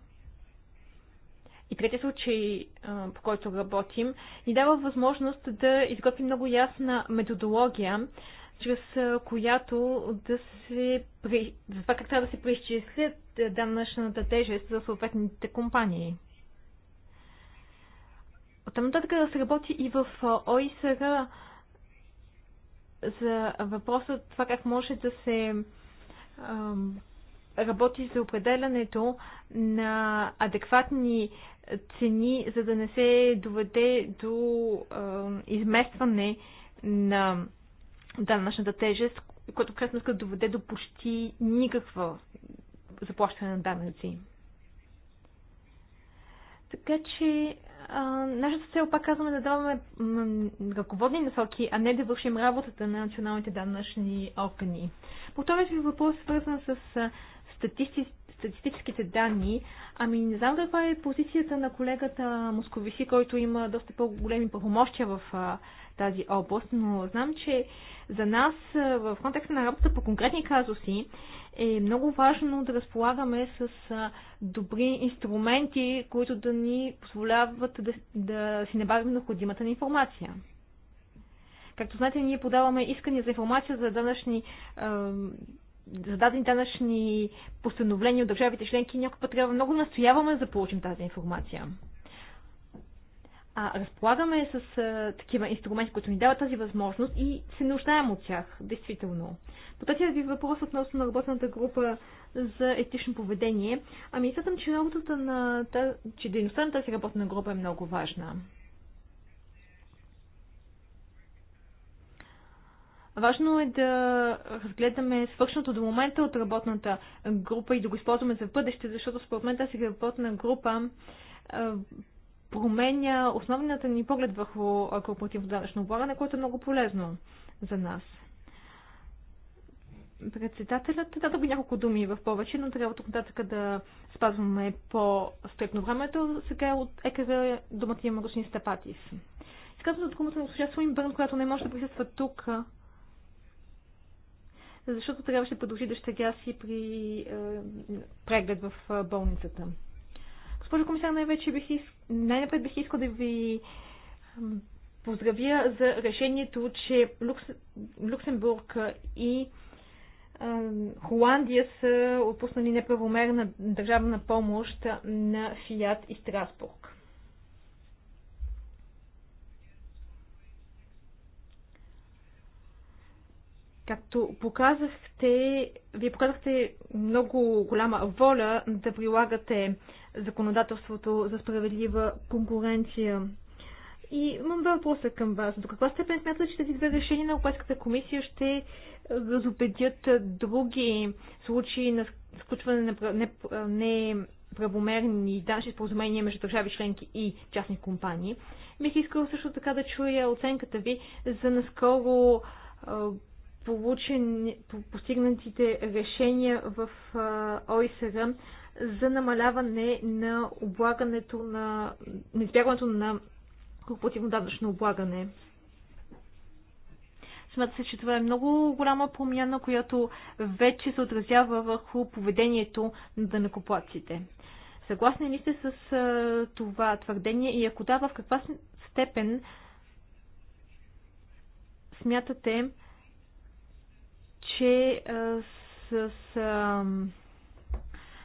и третия случай, по който работим, ни дава възможност да изготвим много ясна методология, чрез която да се при... за това как трябва да се преизчислят данъчната тежест за съответните компании. Оттам нататък да се работи и в ОИСР за въпроса това как може да се работи за определянето на адекватни цени, за да не се доведе до изместване на данъчната тежест, което в крайна сметка доведе до почти никаква заплащане на данъци. Така че нашата цел, пак казваме, е да даваме ръководни насоки, а не да вършим работата на националните данъчни органи. По ви въпрос свързан с статисти, статистическите данни, ами не знам каква е позицията на колегата Московиси, който има доста по-големи правомощия в тази област, но знам, че за нас в контекста на работа по конкретни казуси е много важно да разполагаме с добри инструменти, които да ни позволяват да, да си набавим необходимата ни информация. Както знаете, ние подаваме искания за информация за данъчни за дадени данъчни постановления от държавите членки, някой път трябва много настояваме за да получим тази информация а, разполагаме с а, такива инструменти, които ни дават тази възможност и се нуждаем от тях, действително. По ви въпрос относно на работната група за етично поведение, ами смятам, че работата на тази, че дейността на тази работна група е много важна. Важно е да разгледаме свършното до момента от работната група и да го използваме за бъдеще, защото според мен тази работна група променя основната ни поглед върху корпоративно данъчно облагане, което е много полезно за нас. Председателят да би няколко думи в повече, но трябва тук нататък да спазваме по стрепно времето. Сега от ЕКР думата има господин Стапатис. Изказвам за думата на госпожа Суинбърн, която не може да присъства тук, защото трябваше да продължи дъщеря си при е, преглед в е, болницата. Госпожо комисар, най-вече бих иск... най-напред бих искал да ви поздравя за решението, че Люкс... Люксембург и Холандия са отпуснали неправомерна държавна помощ на Фиат и Страсбург. Както показахте, вие показахте много голяма воля да прилагате законодателството за справедлива конкуренция. И имам два въпроса към вас. До каква степен смятате, че тези две решения на Европейската комисия ще разобедят други случаи на сключване на неправомерни данъчни споразумения между държави членки и частни компании? Бих искала също така да чуя оценката ви за наскоро получен, постигнатите решения в ОИСР за намаляване на облагането на, на избягването на корпоративно данъчно облагане. Смята се, че това е много голяма промяна, която вече се отразява върху поведението на данъкоплатците. Съгласни ли сте с това твърдение и ако да, в каква степен смятате, че а, с, с а,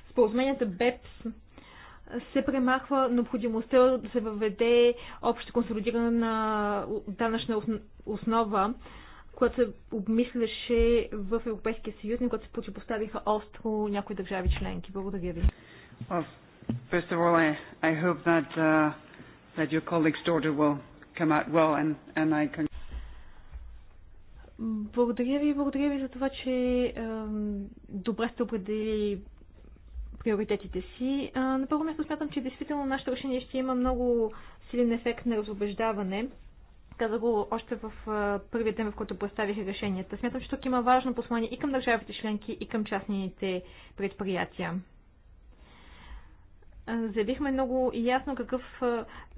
споразуменията БЕПС се премахва необходимостта да се въведе общо консолидирана данъчна основа, която се обмисляше в Европейския съюз, на която се противопоставиха остро някои държави членки. Благодаря ви. first of all, I, I hope that, uh, that your colleague's daughter will come out well and, and I can... Благодаря ви, благодаря ви за това, че добре сте определили приоритетите си. На първо място смятам, че действително нашето решение ще има много силен ефект на разобеждаване. Каза го още в първия ден, в който представих решенията. Смятам, че тук има важно послание и към държавите членки, и към частните предприятия заявихме много ясно какъв,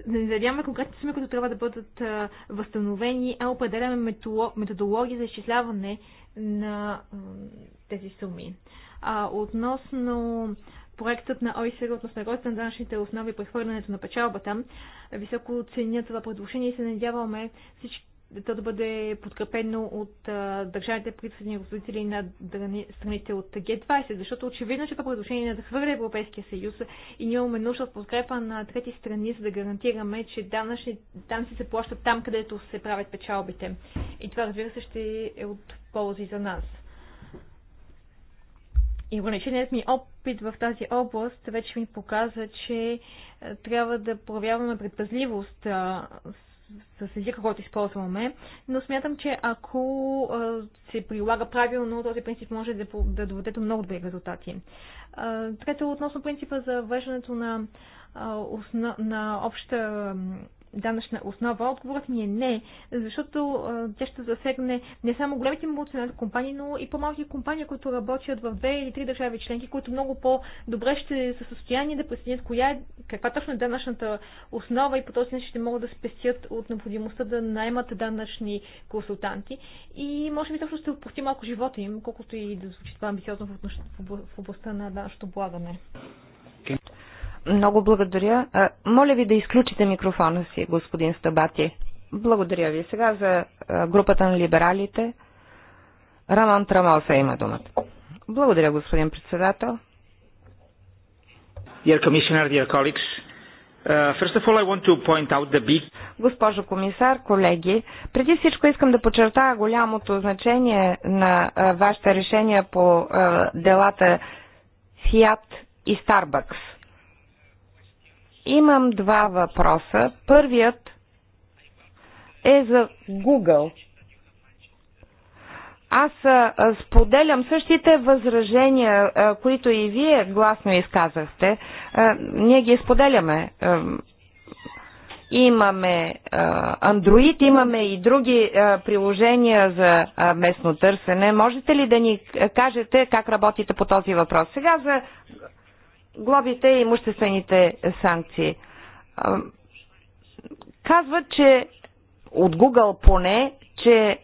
не заявяваме конкретни суми, които трябва да бъдат възстановени, а определяме методологии за изчисляване на тези суми. А, относно проектът на ОИСР относно ролята на данъчните основи и прехвърлянето на печалбата, високо ценя това предложение и се надяваме всички то да бъде подкрепено от а, държавите присъединени ръководители на дърни, страните от Г20, защото очевидно, че това предложение не захвърля Европейския съюз и ние имаме нужда от подкрепа на трети страни, за да гарантираме, че данъчни, данъци се плащат там, където се правят печалбите. И това, разбира се, ще е от ползи за нас. И ограниченият ми опит в тази област вече ми показа, че трябва да проявяваме предпазливост с езика, който използваме, но смятам, че ако а, се прилага правилно, този принцип може да, да доведе до много добри резултати. Трето, относно принципа за въвеждането на, на обща данъчна основа? Отговорът ми е не, защото тя ще засегне не само големите мултинационални компании, но и по-малки компании, които работят в две или три държави членки, които много по-добре ще са в състояние да преценят коя е, каква точно е данъчната основа и по този начин ще могат да спестят от необходимостта да наймат данъчни консултанти. И може би точно ще упрости малко живота им, колкото и да звучи това амбициозно в областта на данъчното облагане. Много благодаря. Моля ви да изключите микрофона си, господин Стабати. Благодаря ви. Сега за групата на либералите. Раман Трамалса има думата. Благодаря, господин председател. Dear Commissioner, dear colleagues, uh, first of all I want to point out the big... Госпожо комисар, колеги, преди всичко искам да подчертая голямото значение на uh, вашите решения по uh, делата Fiat и Starbucks Имам два въпроса. Първият е за Google. Аз споделям същите възражения, които и вие гласно изказахте. Ние ги споделяме. Имаме Android, имаме и други приложения за местно търсене. Можете ли да ни кажете как работите по този въпрос? Сега за глобите и имуществените санкции. Казват, че от Google поне, че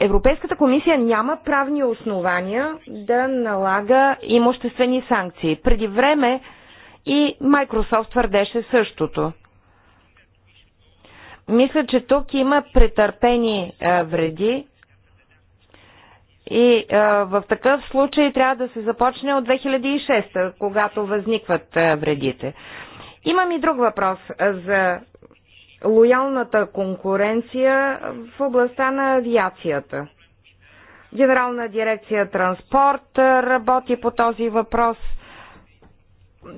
Европейската комисия няма правни основания да налага имуществени санкции. Преди време и Microsoft твърдеше същото. Мисля, че тук има претърпени вреди и а, в такъв случай трябва да се започне от 2006, когато възникват а, вредите. Имам и друг въпрос за лоялната конкуренция в областта на авиацията. Генерална дирекция транспорт работи по този въпрос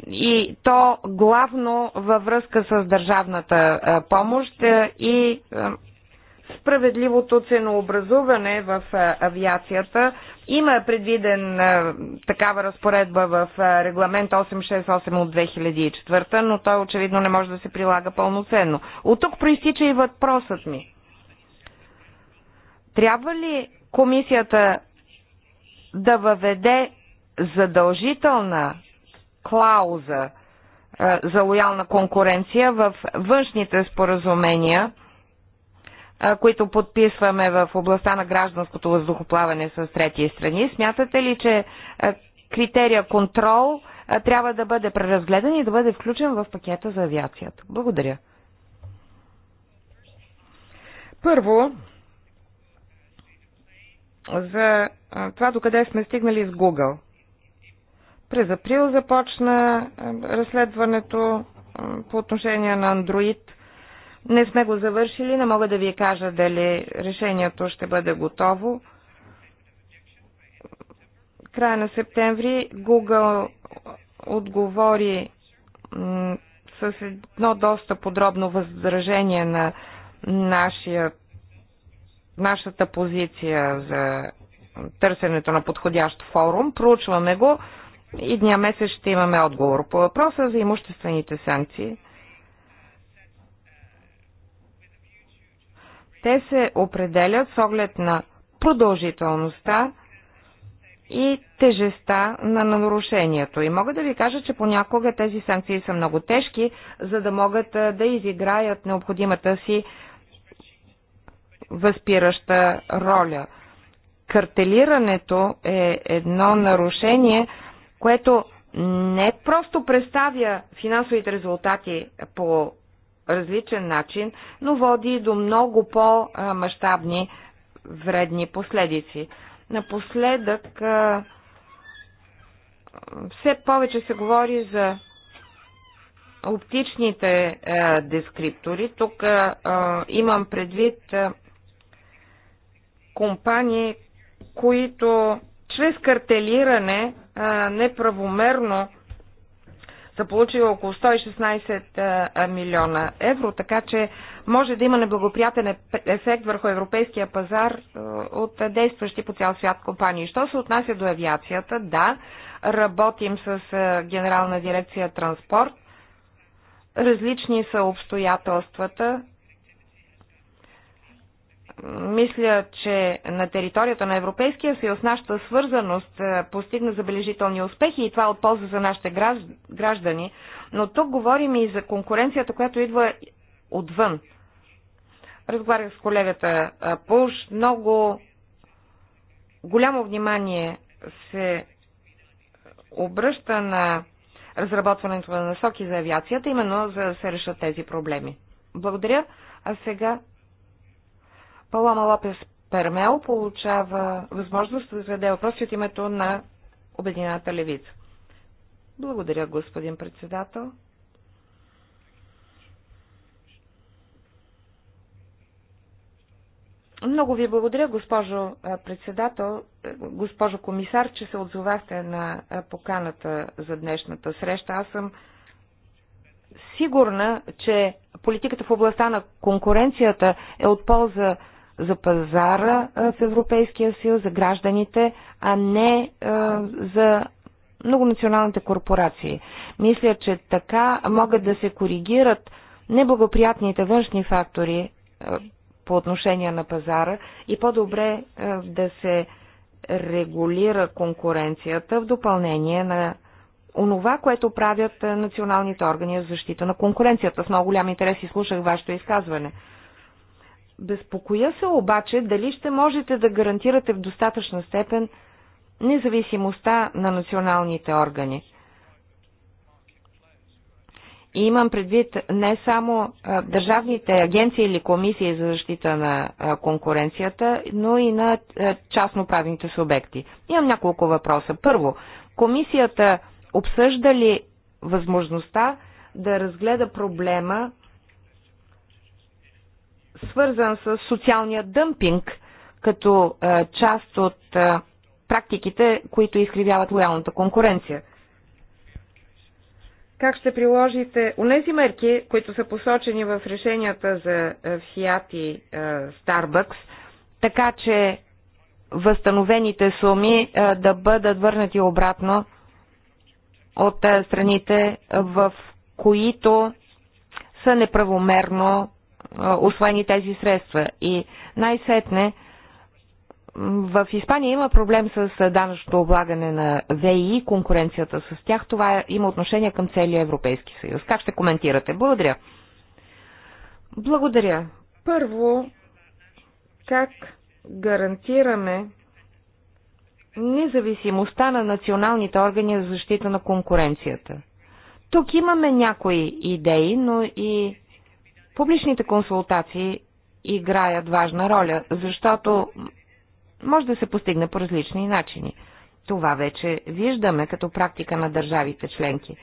и то главно във връзка с държавната помощ и справедливото ценообразуване в авиацията. Има предвиден такава разпоредба в регламент 868 от 2004, но той очевидно не може да се прилага пълноценно. От тук проистича и въпросът ми. Трябва ли комисията да въведе задължителна клауза за лоялна конкуренция в външните споразумения – които подписваме в областта на гражданското въздухоплаване с трети страни. Смятате ли, че критерия контрол трябва да бъде преразгледан и да бъде включен в пакета за авиацията? Благодаря. Първо, за това докъде сме стигнали с Google. През април започна разследването по отношение на Android – не сме го завършили, не мога да ви кажа дали решението ще бъде готово. Края на септември Google отговори с едно доста подробно възражение на нашия, нашата позиция за търсенето на подходящ форум. Проучваме го и дня месец ще имаме отговор. По въпроса за имуществените санкции Те се определят с оглед на продължителността и тежестта на нарушението. И мога да ви кажа, че понякога тези санкции са много тежки, за да могат да изиграят необходимата си възпираща роля. Картелирането е едно нарушение, което не просто представя финансовите резултати по различен начин, но води до много по-масштабни вредни последици. Напоследък все повече се говори за оптичните дескриптори. Тук имам предвид компании, които чрез картелиране неправомерно са получили около 116 милиона евро, така че може да има неблагоприятен ефект върху европейския пазар от действащи по цял свят компании. Що се отнася до авиацията? Да, работим с Генерална дирекция транспорт. Различни са обстоятелствата, мисля, че на територията на Европейския съюз нашата свързаност е, постигна забележителни успехи и това е от полза за нашите граждани, но тук говорим и за конкуренцията, която идва отвън. Разговарях с колегата Пуш, много голямо внимание се обръща на разработването на насоки за авиацията, именно за да се решат тези проблеми. Благодаря. А сега Палома Лопес Пермел получава възможност да зададе въпроси от името на Обединената левица. Благодаря, господин председател. Много ви благодаря, госпожо председател, госпожо комисар, че се отзовахте на поканата за днешната среща. Аз съм сигурна, че политиката в областта на конкуренцията е от полза за пазара в Европейския съюз, за гражданите, а не за многонационалните корпорации. Мисля, че така могат да се коригират неблагоприятните външни фактори по отношение на пазара и по-добре да се регулира конкуренцията в допълнение на онова, което правят националните органи за защита на конкуренцията. С много голям интерес и слушах вашето изказване. Безпокоя се обаче дали ще можете да гарантирате в достатъчна степен независимостта на националните органи. И имам предвид не само държавните агенции или комисии за защита на конкуренцията, но и на частноправните субекти. Имам няколко въпроса. Първо, комисията обсъжда ли възможността да разгледа проблема свързан с социалния дъмпинг като е, част от е, практиките, които изкривяват лоялната конкуренция. Как ще приложите унези мерки, които са посочени в решенията за е, Fiat и Starbucks, така че възстановените суми да бъдат върнати обратно от страните, в които са неправомерно освоени тези средства. И най-сетне в Испания има проблем с данъчното облагане на ВИ, конкуренцията с тях. Това има отношение към целия Европейски съюз. Как ще коментирате? Благодаря. Благодаря. Първо, как гарантираме независимостта на националните органи за защита на конкуренцията? Тук имаме някои идеи, но и Публичните консултации играят важна роля, защото може да се постигне по различни начини. Това вече виждаме като практика на държавите членки.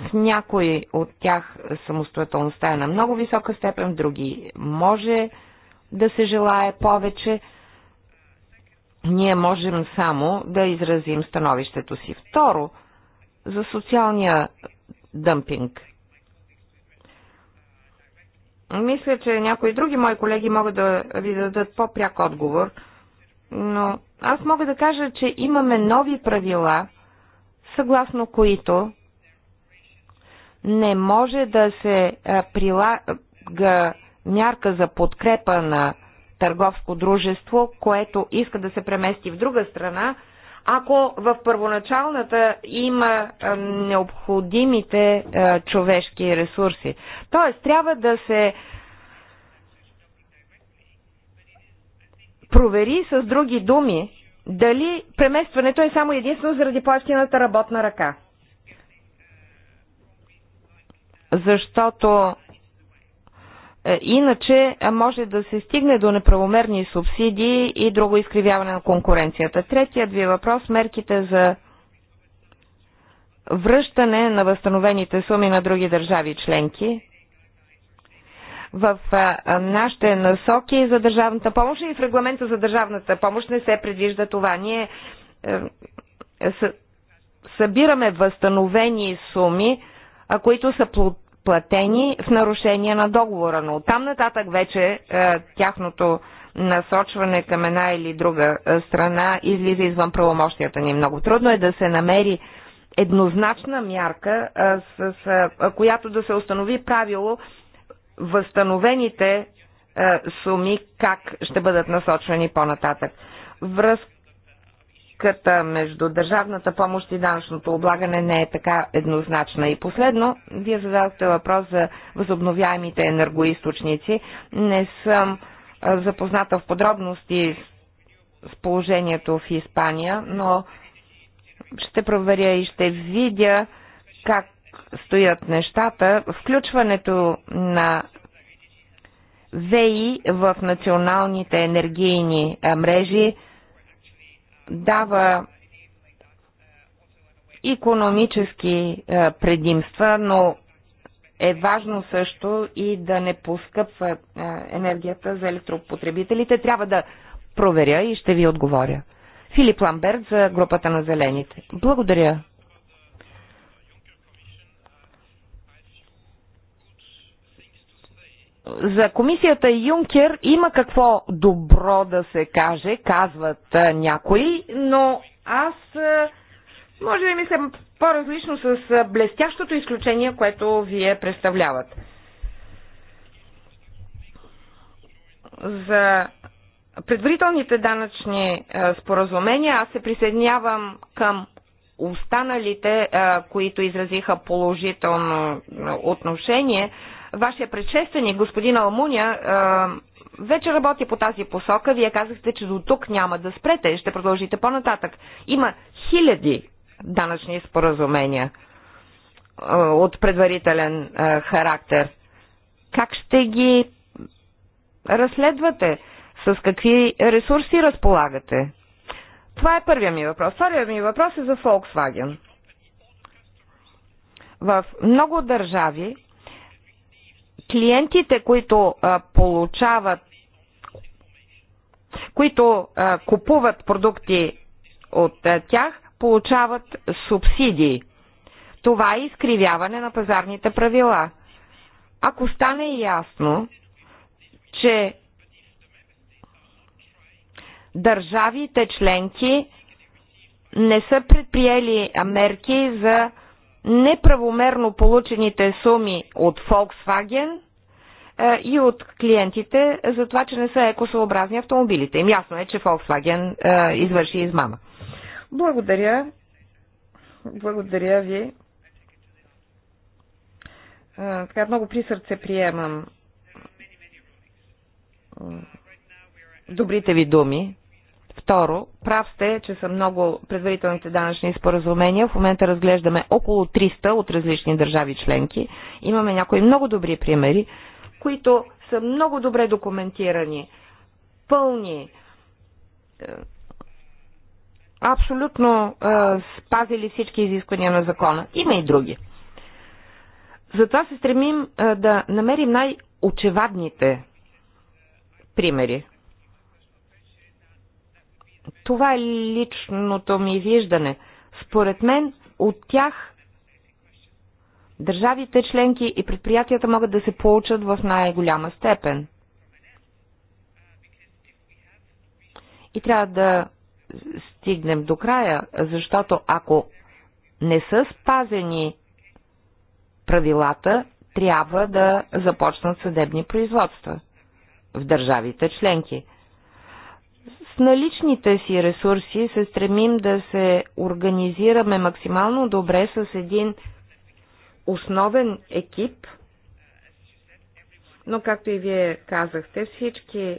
В някои от тях самостоятелността е на много висока степен, в други може да се желае повече. Ние можем само да изразим становището си. Второ, за социалния дъмпинг. Мисля, че някои други мои колеги могат да ви дадат по-пряк отговор, но аз мога да кажа, че имаме нови правила, съгласно които не може да се прилага мярка за подкрепа на търговско дружество, което иска да се премести в друга страна, ако в първоначалната има необходимите човешки ресурси. Тоест, трябва да се провери с други думи дали преместването е само единствено заради по-ефтината работна ръка. Защото е, иначе е, може да се стигне до неправомерни субсидии и друго изкривяване на конкуренцията. Третият ви въпрос – мерките за връщане на възстановените суми на други държави членки в е, нашите насоки за държавната помощ и в регламента за държавната помощ не се предвижда това. Ние събираме възстановени суми, които са платени в нарушение на договора. Но оттам нататък вече е, тяхното насочване към една или друга е, страна излиза извън правомощията ни. Много трудно е да се намери еднозначна мярка, е, с която да се установи правило възстановените суми как ще бъдат насочвани по-нататък. Връзка връзката между държавната помощ и данъчното облагане не е така еднозначна. И последно, вие зададохте въпрос за възобновяемите енергоисточници. Не съм запозната в подробности с положението в Испания, но ще проверя и ще видя как стоят нещата. Включването на веи в националните енергийни мрежи дава економически е, предимства, но е важно също и да не поскъпва е, енергията за електропотребителите. Трябва да проверя и ще ви отговоря. Филип Ламберт за групата на зелените. Благодаря, за комисията Юнкер има какво добро да се каже, казват някои, но аз може да мисля по-различно с блестящото изключение, което вие представляват. За предварителните данъчни споразумения аз се присъединявам към останалите, които изразиха положително отношение Вашия предшественик, господин Алмуня, вече работи по тази посока. Вие казахте, че до тук няма да спрете, ще продължите по-нататък. Има хиляди данъчни споразумения от предварителен характер. Как ще ги разследвате? С какви ресурси разполагате? Това е първия ми въпрос. Вторият ми въпрос е за Volkswagen. В много държави клиентите, които получават, които купуват продукти от тях, получават субсидии. Това е изкривяване на пазарните правила. Ако стане ясно, че държавите членки не са предприели мерки за неправомерно получените суми от Volkswagen е, и от клиентите за това, че не са екосъобразни автомобилите. Им ясно е, че Volkswagen е, извърши измама. Благодаря. Благодаря ви. Е, така много при сърце приемам добрите ви думи. Второ, прав сте, че са много предварителните данъчни споразумения. В момента разглеждаме около 300 от различни държави членки. Имаме някои много добри примери, които са много добре документирани, пълни, е, абсолютно е, спазили всички изисквания на закона. Има и други. Затова се стремим е, да намерим най-очевадните примери. Това е личното ми виждане. Според мен от тях държавите членки и предприятията могат да се получат в най-голяма степен. И трябва да стигнем до края, защото ако не са спазени правилата, трябва да започнат съдебни производства в държавите членки – наличните си ресурси се стремим да се организираме максимално добре с един основен екип, но както и вие казахте, всички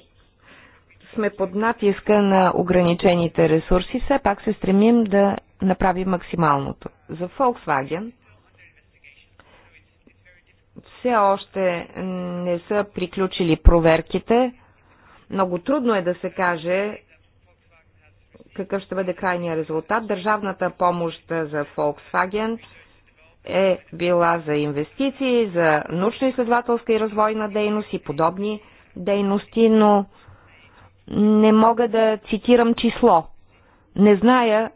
сме под натиска на ограничените ресурси, все пак се стремим да направим максималното. За Volkswagen все още не са приключили проверките. Много трудно е да се каже какъв ще бъде крайният резултат. Държавната помощ за Volkswagen е била за инвестиции, за научно-изследователска и развойна дейност и подобни дейности, но не мога да цитирам число. Не зная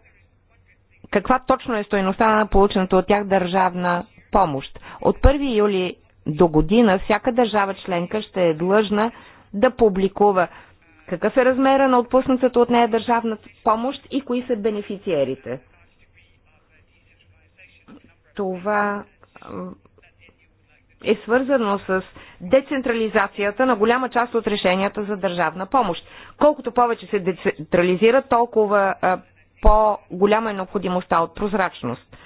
каква точно е стоеността на получената от тях държавна помощ. От 1 юли до година всяка държава членка ще е длъжна да публикува какъв е размера на отпуснатата от нея държавна помощ и кои са бенефициерите. Това е свързано с децентрализацията на голяма част от решенията за държавна помощ. Колкото повече се децентрализира, толкова по-голяма е необходимостта от прозрачност.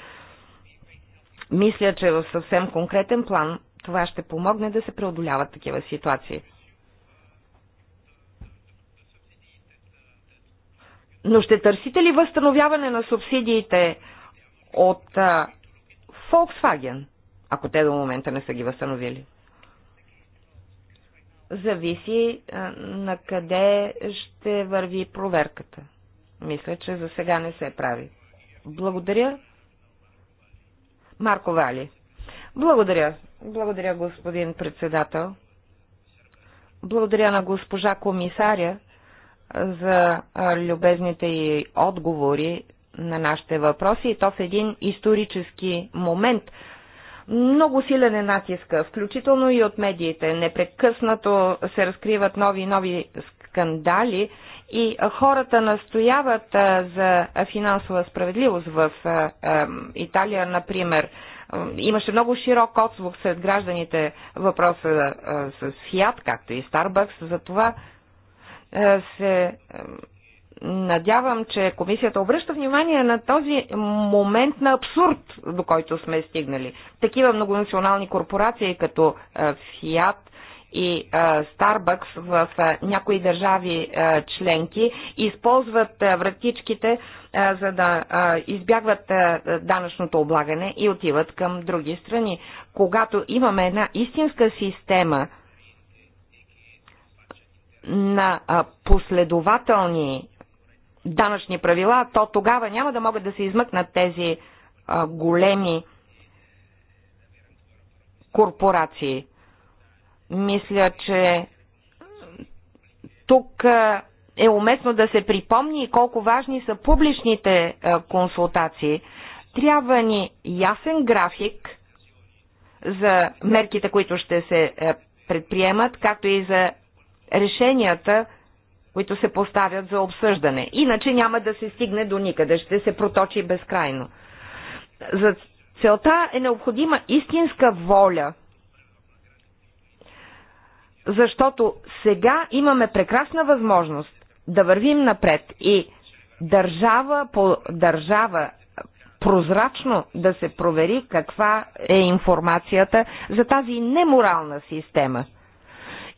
Мисля, че в съвсем конкретен план това ще помогне да се преодоляват такива ситуации. Но ще търсите ли възстановяване на субсидиите от а, Volkswagen, ако те до момента не са ги възстановили? Зависи а, на къде ще върви проверката. Мисля, че за сега не се прави. Благодаря. Марко Вали. Благодаря. Благодаря, господин председател. Благодаря на госпожа комисаря за любезните и отговори на нашите въпроси и то в един исторически момент. Много силен е натиска, включително и от медиите. Непрекъснато се разкриват нови и нови скандали и хората настояват за финансова справедливост. В Италия, например, имаше много широк отзвук сред гражданите въпроса с Фиат, както и Старбакс, за това е, се надявам, че комисията обръща внимание на този момент на абсурд, до който сме стигнали. Такива многонационални корпорации като Fiat е, и Starbucks е, в някои държави членки използват вратичките, за да избягват данъчното облагане и отиват към други страни. Когато имаме една истинска система, на последователни данъчни правила, то тогава няма да могат да се измъкнат тези големи корпорации. Мисля, че тук е уместно да се припомни колко важни са публичните консултации. Трябва ни ясен график за мерките, които ще се предприемат, както и за решенията, които се поставят за обсъждане. Иначе няма да се стигне до никъде, ще се проточи безкрайно. За целта е необходима истинска воля, защото сега имаме прекрасна възможност да вървим напред и държава по държава прозрачно да се провери каква е информацията за тази неморална система –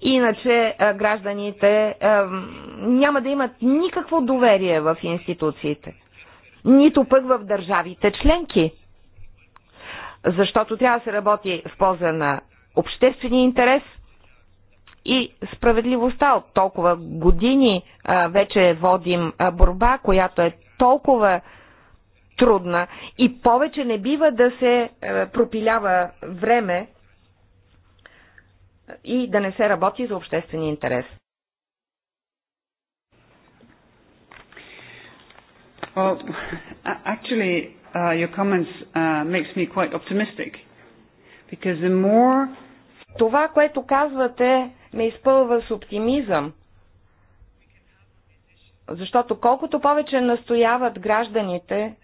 Иначе гражданите няма да имат никакво доверие в институциите, нито пък в държавите членки, защото трябва да се работи в полза на обществения интерес и справедливостта. От толкова години вече водим борба, която е толкова трудна и повече не бива да се пропилява време и да не се работи за обществения интерес. Well, actually, uh, your comments uh, makes me quite optimistic because the more това, което казвате, ме изпълва с оптимизъм. Защото колкото повече настояват гражданите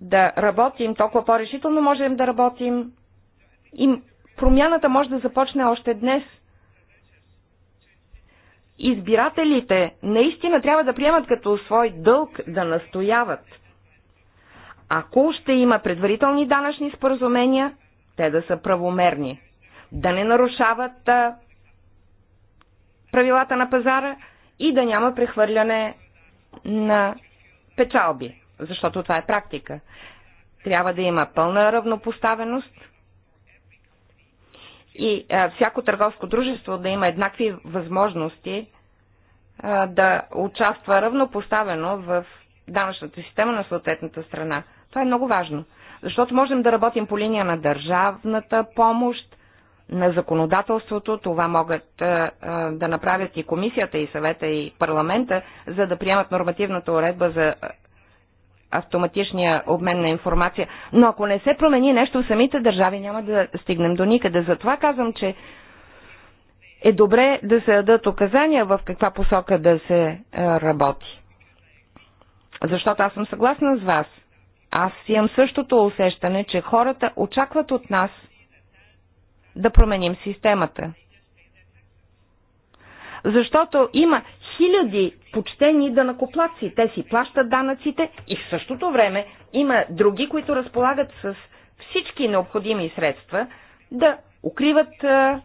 да работим, толкова по-решително можем да работим. И промяната може да започне още днес. Избирателите наистина трябва да приемат като свой дълг да настояват. Ако ще има предварителни данъчни споразумения, те да са правомерни. Да не нарушават а, правилата на пазара и да няма прехвърляне на печалби защото това е практика. Трябва да има пълна равнопоставеност и а, всяко търговско дружество да има еднакви възможности а, да участва равнопоставено в данъчната система на съответната страна. Това е много важно, защото можем да работим по линия на държавната помощ, на законодателството, това могат а, а, да направят и комисията, и съвета, и парламента, за да приемат нормативната уредба за автоматичния обмен на информация. Но ако не се промени нещо в самите държави, няма да стигнем до никъде. Затова казвам, че е добре да се дадат указания в каква посока да се е, работи. Защото аз съм съгласна с вас. Аз имам същото усещане, че хората очакват от нас да променим системата. Защото има хиляди почтени данакоплаци. Те си плащат данъците и в същото време има други, които разполагат с всички необходими средства да укриват а,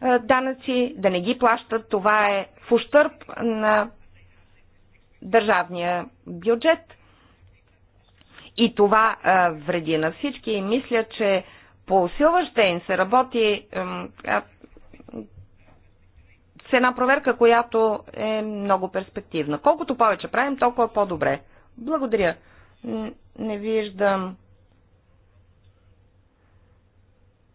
а, данъци, да не ги плащат. Това е в ущърп на държавния бюджет. И това а, вреди на всички. И мисля, че по усилваща им се работи а, с една проверка, която е много перспективна. Колкото повече правим, толкова по-добре. Благодаря. Не виждам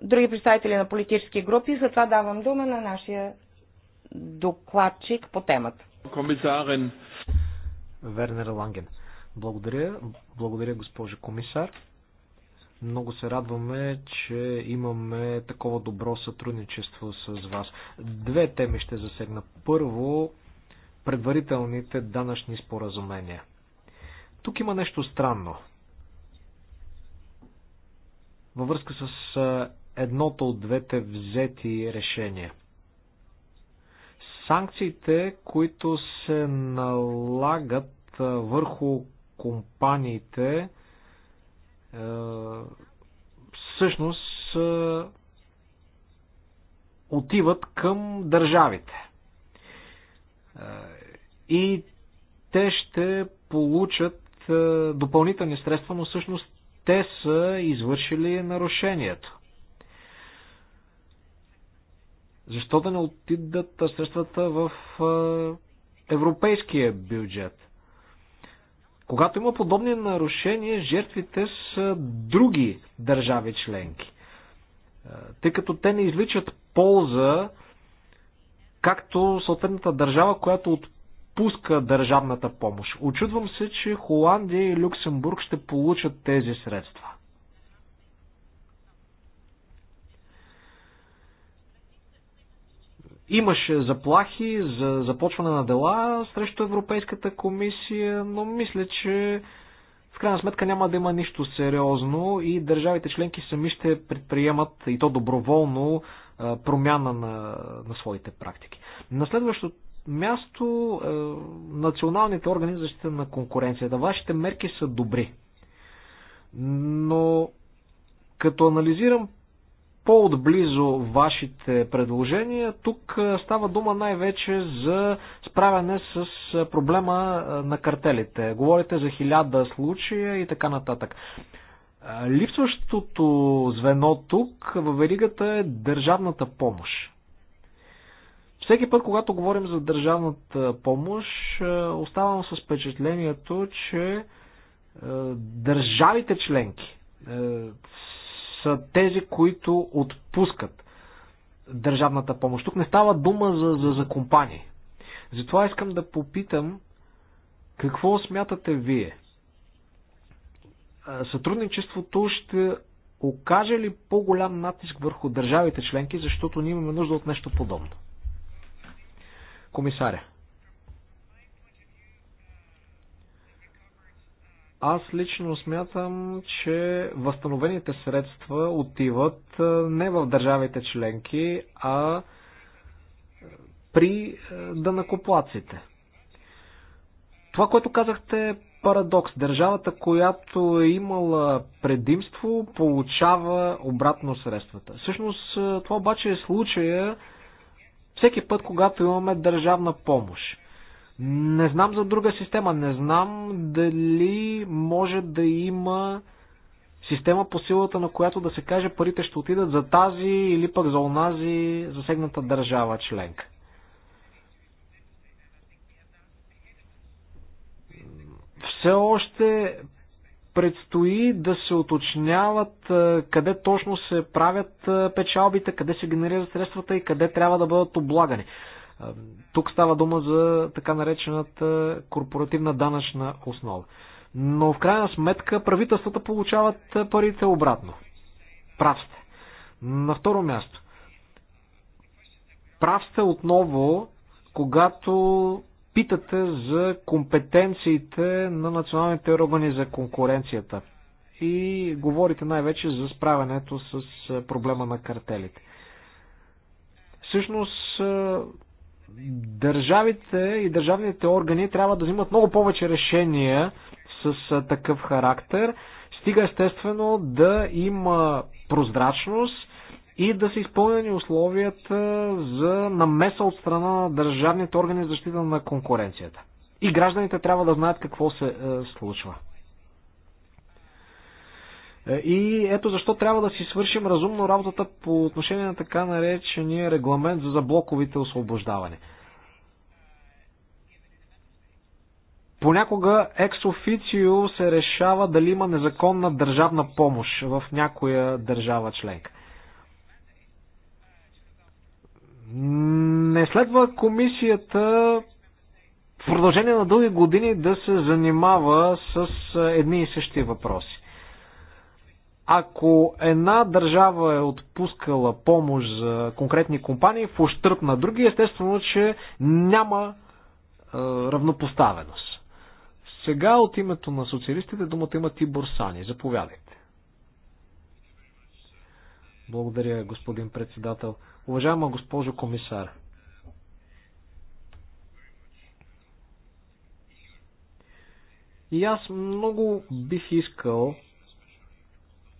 други представители на политически групи, затова давам дума на нашия докладчик по темата. Комисарен. Вернер Ланген. Благодаря. Благодаря, госпожо комисар. Много се радваме, че имаме такова добро сътрудничество с вас. Две теми ще засегна. Първо, предварителните данъчни споразумения. Тук има нещо странно. Във връзка с едното от двете взети решения. Санкциите, които се налагат върху компаниите, е, всъщност е, отиват към държавите. Е, и те ще получат допълнителни средства, но всъщност те са извършили нарушението. Защо да не отидат средствата в европейския бюджет? Когато има подобни нарушения, жертвите са други държави членки. Е, тъй като те не изличат полза, както съответната държава, която отпуска държавната помощ. Очудвам се, че Холандия и Люксембург ще получат тези средства. Имаше заплахи за започване на дела срещу Европейската комисия, но мисля, че в крайна сметка няма да има нищо сериозно и държавите членки сами ще предприемат и то доброволно промяна на, на своите практики. На следващото място националните органи за защита на конкуренцията. Вашите мерки са добри. Но като анализирам по-отблизо вашите предложения. Тук става дума най-вече за справяне с проблема на картелите. Говорите за хиляда случая и така нататък. Липсващото звено тук във веригата е държавната помощ. Всеки път, когато говорим за държавната помощ, оставам с впечатлението, че държавите членки са тези, които отпускат държавната помощ. Тук не става дума за, за, за компании. Затова искам да попитам какво смятате вие? Сътрудничеството ще окаже ли по-голям натиск върху държавите членки, защото ние имаме нужда от нещо подобно? Комисаря. Аз лично смятам, че възстановените средства отиват не в държавите членки, а при данакоплаците. Това, което казахте е парадокс. Държавата, която е имала предимство, получава обратно средствата. Всъщност това обаче е случая всеки път, когато имаме държавна помощ. Не знам за друга система. Не знам дали може да има система по силата на която да се каже парите ще отидат за тази или пък за онази засегната държава членка. Все още предстои да се уточняват къде точно се правят печалбите, къде се генерират средствата и къде трябва да бъдат облагани. Тук става дума за така наречената корпоративна данъчна основа. Но в крайна сметка правителствата получават парите обратно. Прав сте. На второ място. Прав сте отново, когато питате за компетенциите на националните органи за конкуренцията и говорите най-вече за справянето с проблема на картелите. Всъщност, Държавите и държавните органи трябва да взимат много повече решения с такъв характер, стига естествено да има прозрачност и да са изпълнени условията за намеса от страна на държавните органи за защита на конкуренцията. И гражданите трябва да знаят какво се е, случва. Е, и ето защо трябва да си свършим разумно работата по отношение на така наречения регламент за блоковите освобождаване. Понякога екс-официо се решава дали има незаконна държавна помощ в някоя държава членка. Не следва комисията в продължение на дълги години да се занимава с е, едни и същи въпроси. Ако една държава е отпускала помощ за конкретни компании в ущърп на други, естествено, че няма е, равнопоставеност. Сега от името на социалистите думата има Тибор Сани. Заповядайте. Благодаря, господин председател. Уважаема госпожо комисар, и аз много бих искал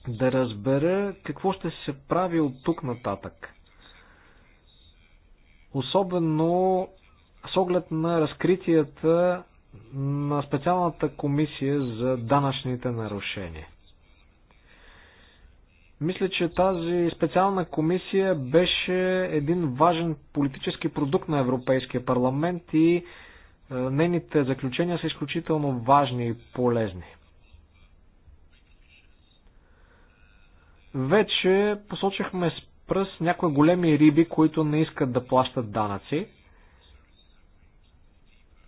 да разбера какво ще се прави от тук нататък. Особено с оглед на разкритията на специалната комисия за данъчните нарушения. Мисля, че тази специална комисия беше един важен политически продукт на Европейския парламент и е, нейните заключения са изключително важни и полезни. Вече посочихме с пръст някои големи риби, които не искат да плащат данъци.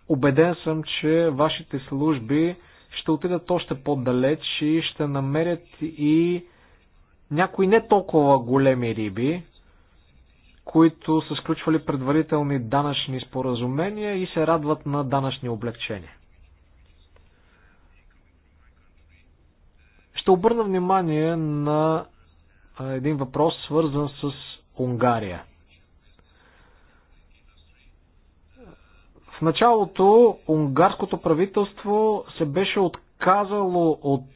Обеден съм, че вашите служби ще отидат още по-далеч и ще намерят и някои не толкова големи риби, които са сключвали предварителни данъчни споразумения и се радват на данъчни облегчения. Ще обърна внимание на един въпрос, свързан с Унгария. В началото унгарското правителство се беше отказало от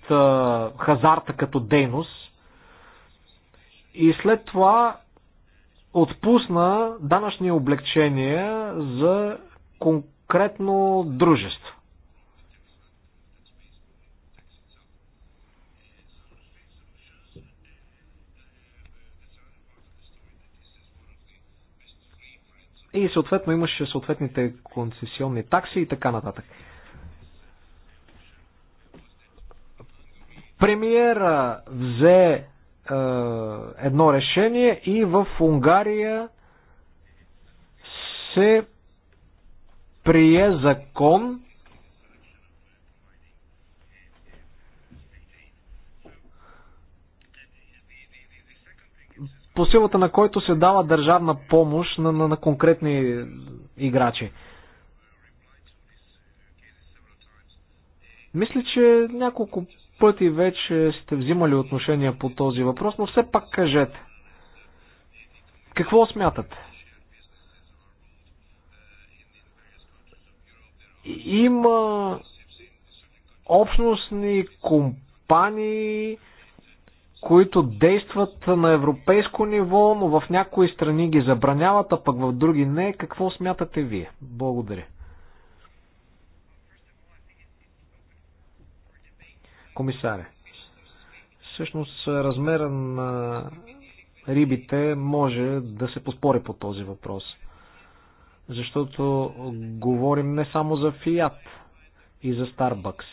хазарта като дейност и след това отпусна данъчни облегчения за конкретно дружество. И съответно имаше съответните концесионни такси и така нататък. Премиера взе е, едно решение и в Унгария се прие закон, по силата на който се дава държавна помощ на, на, на конкретни играчи. Мисля, че няколко пъти вече сте взимали отношение по този въпрос, но все пак кажете. Какво смятате? Има общностни компании, които действат на европейско ниво, но в някои страни ги забраняват, а пък в други не. Какво смятате вие? Благодаря. Комисаре, всъщност размера на рибите може да се поспори по този въпрос. Защото говорим не само за Фиат и за Старбъкс.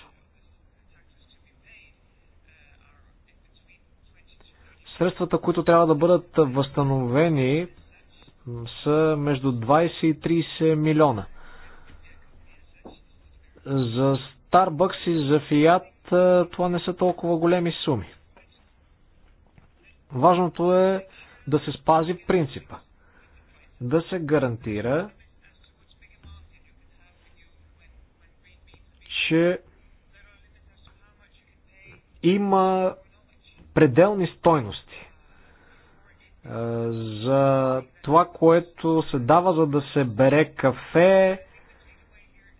Средствата, които трябва да бъдат възстановени, са между 20 и 30 милиона. За Starbucks и за Fiat това не са толкова големи суми. Важното е да се спази принципа. Да се гарантира, че има пределни стойности е, за това, което се дава за да се бере кафе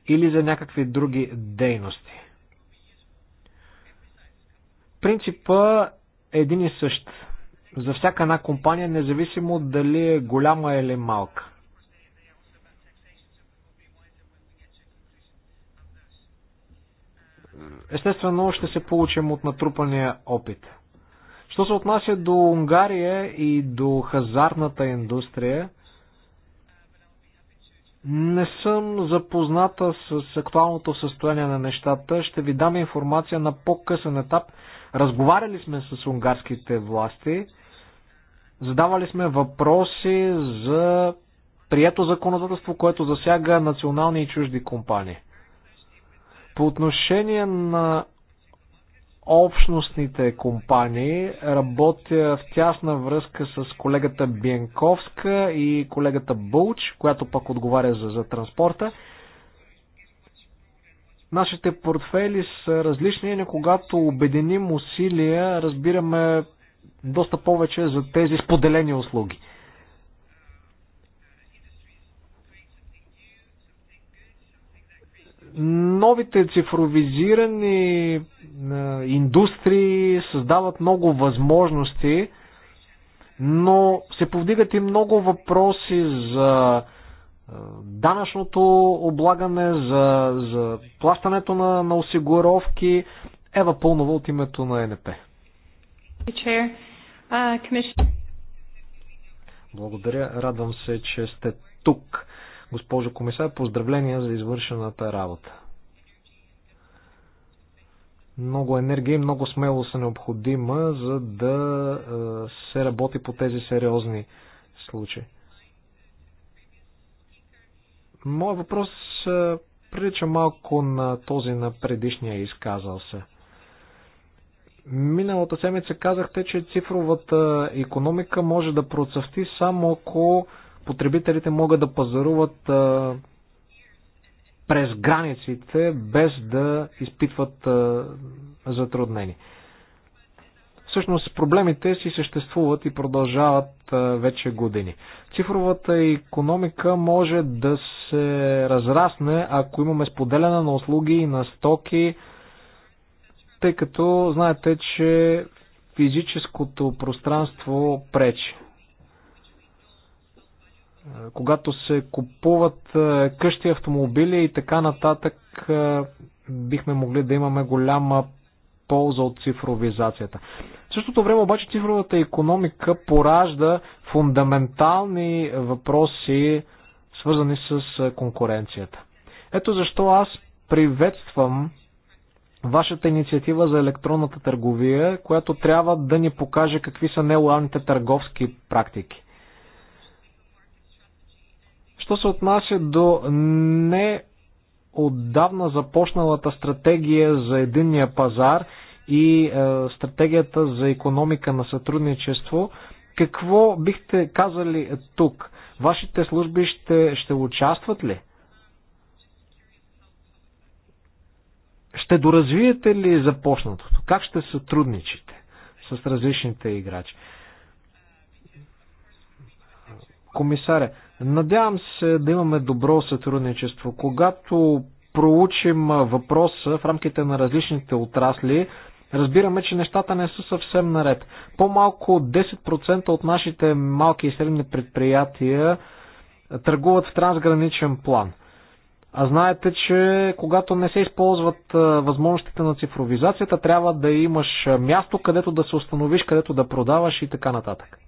или за някакви други дейности. Принципа е един и същ. За всяка една компания, независимо дали е голяма или малка. Естествено, ще се получим от натрупания опит. Що се отнася до Унгария и до хазарната индустрия, не съм запозната с актуалното състояние на нещата. Ще ви дам информация на по-късен етап. Разговаряли сме с унгарските власти. Задавали сме въпроси за прието законодателство, което засяга национални и чужди компании. По отношение на общностните компании. Работя в тясна връзка с колегата Бенковска и колегата Булч, която пък отговаря за, за транспорта. Нашите портфели са различни, и когато обединим усилия, разбираме доста повече за тези споделени услуги. новите цифровизирани индустрии създават много възможности, но се повдигат и много въпроси за данъчното облагане, за, за плащането на, на осигуровки. Ева Пълнова от името на НП. Uh, Благодаря, радвам се, че сте тук. Госпожо комисар, поздравления за извършената работа. Много енергия и много смело са необходима, за да е, се работи по тези сериозни случаи. Моят въпрос е, прилича малко на този на предишния изказал се. Миналата седмица казахте, че цифровата економика може да процъфти само ако потребителите могат да пазаруват а, през границите, без да изпитват а, затруднени. Всъщност проблемите си съществуват и продължават а, вече години. Цифровата економика може да се разрасне, ако имаме споделяне на услуги и на стоки, тъй като знаете, че физическото пространство пречи. Е, когато се купуват е, къщи, автомобили и така нататък, е, бихме могли да имаме голяма полза от цифровизацията. В същото време обаче цифровата економика поражда фундаментални въпроси, свързани с конкуренцията. Ето защо аз приветствам вашата инициатива за електронната търговия, която трябва да ни покаже какви са нелоялните търговски практики. Що се отнася до не отдавна започналата стратегия за единния пазар и е, стратегията за економика на сътрудничество, какво бихте казали тук? Вашите служби ще, ще участват ли? Ще доразвиете ли започнатото? Как ще сътрудничите с различните играчи? Комисаря, Надявам се да имаме добро сътрудничество. Когато проучим въпроса в рамките на различните отрасли, разбираме, че нещата не са съвсем наред. По-малко 10% от нашите малки и средни предприятия търгуват в трансграничен план. А знаете, че когато не се използват възможностите на цифровизацията, трябва да имаш място, където да се установиш, където да продаваш и така нататък.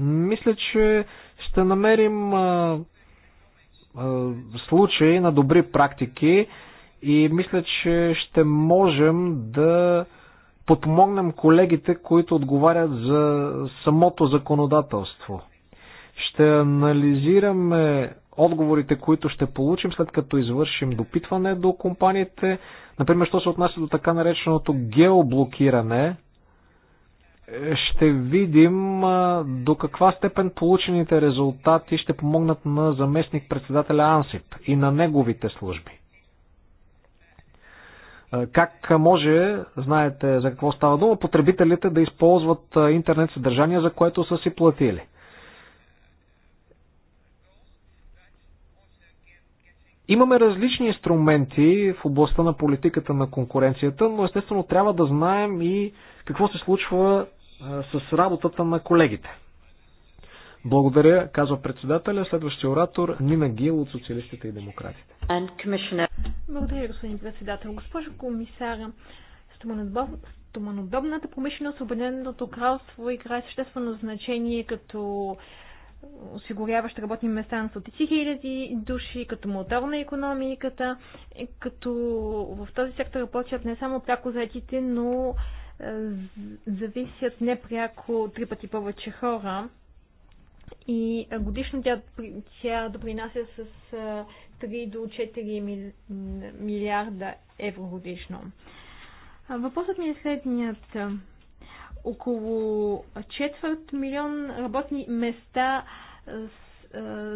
Мисля, че ще намерим а, а, случаи на добри практики и мисля, че ще можем да подпомогнем колегите, които отговарят за самото законодателство. Ще анализираме отговорите, които ще получим след като извършим допитване до компаниите. Например, що се отнася до така нареченото геоблокиране, ще видим до каква степен получените резултати ще помогнат на заместник председателя Ансип и на неговите служби. Как може, знаете за какво става дума, потребителите да използват интернет съдържание, за което са си платили. Имаме различни инструменти в областта на политиката на конкуренцията, но естествено трябва да знаем и какво се случва с работата на колегите. Благодаря, казва председателя. Следващия оратор Нина Гил от Социалистите и Демократите. Благодаря, господин председател. Госпожо комисара, стоманодобната промишленост, Обединеното кралство играе съществено значение като осигуряващ работни места на стотици хиляди души, като мотор на економиката, като в този сектор работят не само пряко заетите, но зависят непряко три пъти повече хора и годишно тя, тя допринася с 3 до 4 милиарда евро годишно. Въпросът ми е следният. Около четвърт милион работни места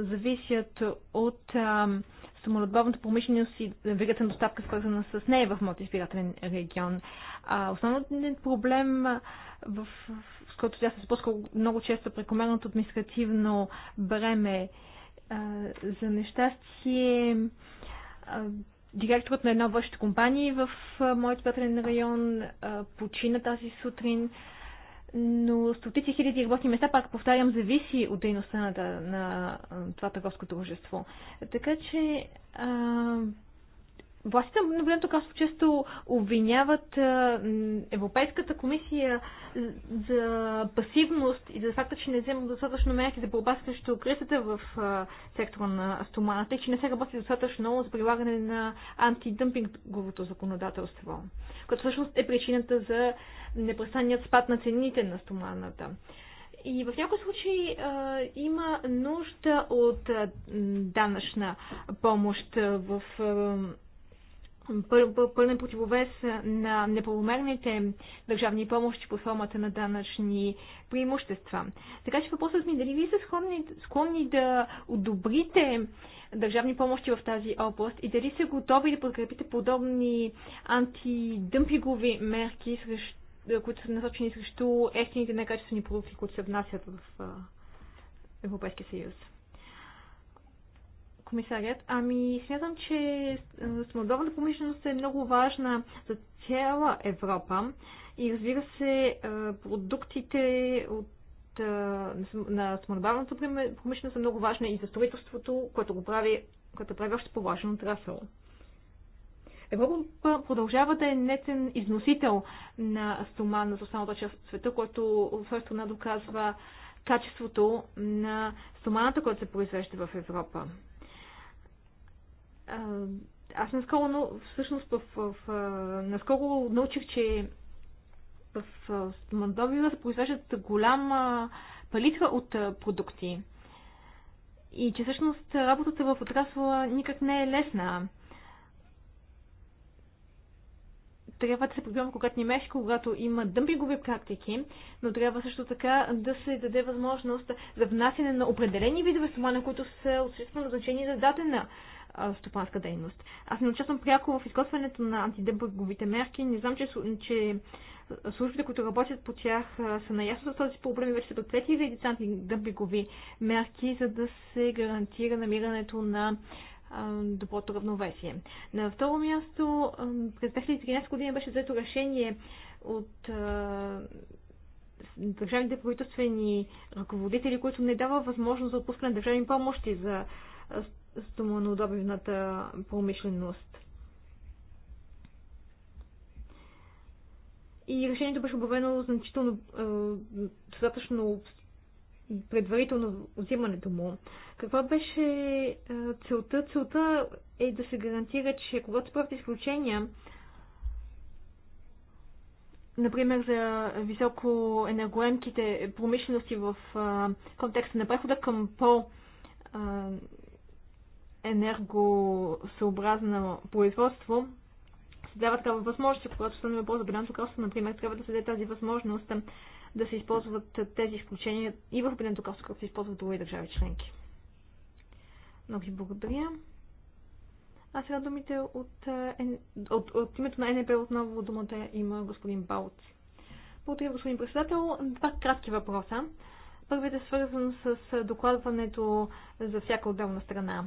зависят от самолюбовната промишленост и веригата на доставка, свързана с нея в моят избирателен регион. А основният проблем, в, с който тя се спуска много често е прекомерното административно бреме за нещастие, директорът на една от вашите компании в моят избирателен район почина тази сутрин но стотици хиляди работни места, пак повтарям, зависи от дейността на, на, на това търговско дружество. Така че а, властите на Обединеното кралство често обвиняват а, Европейската комисия за пасивност и за факта, че не е вземат достатъчно мерки за борба срещу кризата в а, сектора на стоманата и че не се работи достатъчно много за прилагане на антидъмпинговото законодателство, което всъщност е причината за непрестанният спад на цените на стоманата. И в някои случаи а, има нужда от а, данъчна помощ в а, пълен противовес на неправомерните държавни помощи по формата на данъчни преимущества. Така че въпросът ми е, дали ви са склонни, склонни да одобрите държавни помощи в тази област и дали са готови да подкрепите подобни антидъмпигови мерки срещу е, които са насочени срещу ефтините некачествени продукти, които се внасят в Европейския съюз. Комисарият, ами смятам, че смодовната промишленост е много важна за цяла Европа и разбира се, продуктите от на смърбавната промишленост е много важна и за строителството, което го прави, което прави още по-важен отрасъл. Европа продължава да е нетен износител на стоман за останалата част от света, който също своя доказва качеството на стоманата, която се произвежда в Европа. Аз наскоро, но всъщност в, в, в, наскоро научих, че в Мандовия се произвеждат голяма палитра от продукти. И че всъщност работата в отрасла никак не е лесна. трябва да се програма когато ни меш, когато има дъмпингови практики, но трябва също така да се даде възможност за внасяне на определени видове стомана, които са от значение за дадена стопанска дейност. Аз не участвам пряко в изготвянето на антидъмпинговите мерки. Не знам, че, че службите, които работят по тях, са наясно с този проблем и вече са предприяти редица антидъмпингови мерки, за да се гарантира намирането на доброто равновесие. На второ място, през 2013 година беше взето решение от държавните правителствени ръководители, които не дава възможност за отпускане на държавни помощи за стоманодобивната промишленост. И решението беше обявено значително достатъчно предварително взимането му. Каква беше целта? Целта е да се гарантира, че когато правят изключения, например за високо енергоемките промишлености в контекста на прехода към по- енергосъобразно производство, се дава такава възможност, когато стане по-за Обединеното кралство, например, трябва да се даде тази възможност да се използват тези изключения и в Обединеното както се използват други държави членки. Много ви благодаря. А сега думите от, от, е, от, от името на НП отново думата има господин Баут. Благодаря, господин председател. Два кратки въпроса. Първият е свързан с докладването за всяка отделна страна.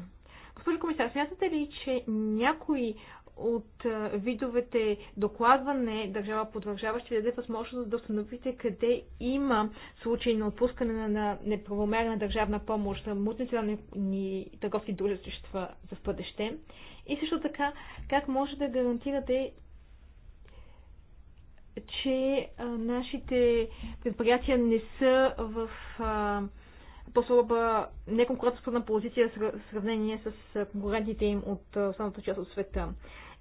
Господин комисар, смятате ли, че някои от видовете докладване държава по държава ще даде възможност да установите къде има случаи на отпускане на неправомерна държавна помощ за мултинационални търговски дружества за в бъдеще. И също така, как може да гарантирате че а, нашите предприятия не са в а, по-слаба неконкурентоспособна позиция в сравнение с конкурентите им от основната част от света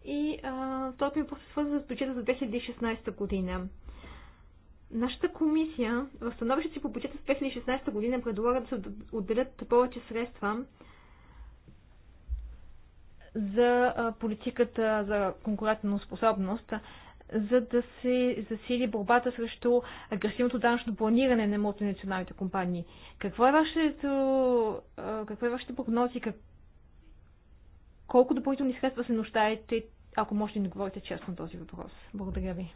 и а, този ми просто е свързан с бюджета за 2016 година. Нашата комисия в становището си по бюджета с 2016 година предлага да се отделят повече средства за политиката за конкурентна способност, за да се засили борбата срещу агресивното данъчно планиране на мултинационалните компании. Какво е вашето, какво е вашето прогнози, как, колко допълнителни средства се нуждаете, ако можете да говорите честно на този въпрос? Благодаря ви.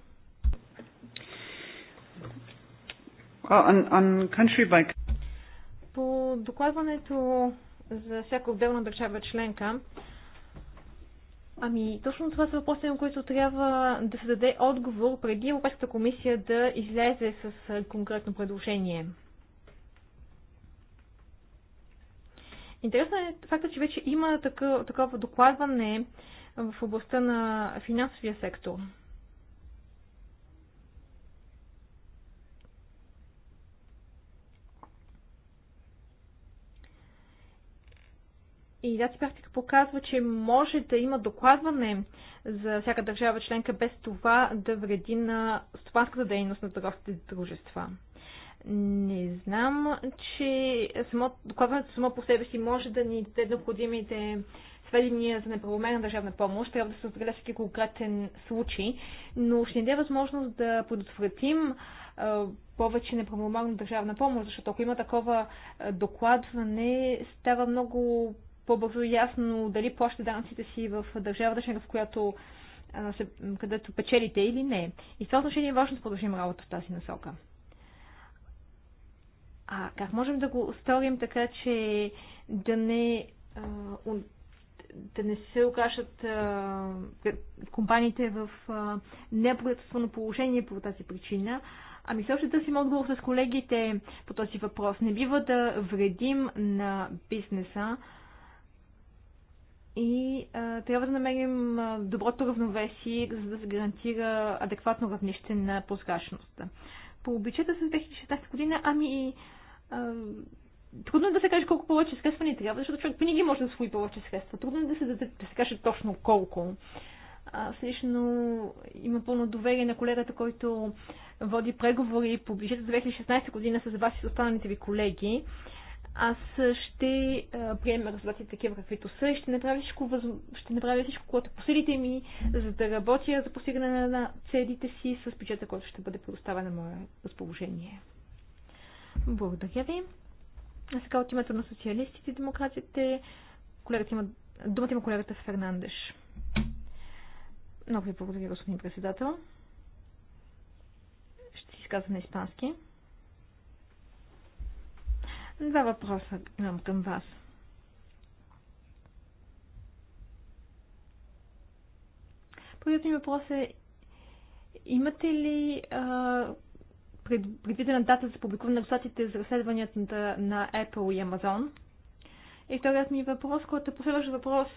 По докладването за всяка отделна държава членка, Ами, точно това са въпроси, на които трябва да се даде отговор преди Европейската комисия да излезе с конкретно предложение. Интересно е факта, че вече има такъв, такова докладване в областта на финансовия сектор. И тази практика показва, че може да има докладване за всяка държава членка без това да вреди на стопанската дейност на търговските дружества не знам, че само, докладването само по себе си може да ни даде необходимите сведения за неправомерна държавна помощ. Трябва да се разгледа всеки конкретен случай, но ще ни даде възможност да предотвратим повече неправомерна държавна помощ, защото ако има такова докладване, става много по-бързо ясно дали плаща данците си в държавата, в която където печелите или не. И в това отношение е важно да продължим работа в тази насока. А как можем да го сторим така, че да не, да не се окажат компаниите в неправителствено положение по тази причина? Ами все още търсим отговор с колегите по този въпрос. Не бива да вредим на бизнеса и а, трябва да намерим доброто равновесие, за да се гарантира адекватно равнище на прозрачността по обичата с 2016 година, ами трудно е да се каже колко повече средства ни трябва, защото човек винаги може да свои повече средства. Трудно е да се, да, да се каже точно колко. Аз лично имам пълно доверие на колегата, който води преговори по бюджета за 2016 година с вас и с останалите ви колеги. Аз ще приема резултатите такива, каквито са и ще направя всичко, ще направя всичко което е посилите ми, за да работя за постигане на целите си с бюджета, който ще бъде предоставен на мое разположение. Благодаря ви. А сега от името на социалистите и демократите, колегата има, думата има колегата Фернандеш. Много ви благодаря, господин председател. Ще си изказвам на испански. Два въпроса имам към вас. Първият ми въпрос е, имате ли а, предвидена дата за публикуване на резултатите за разследванията на Apple и Amazon. И вторият ми въпрос, който е последващ въпрос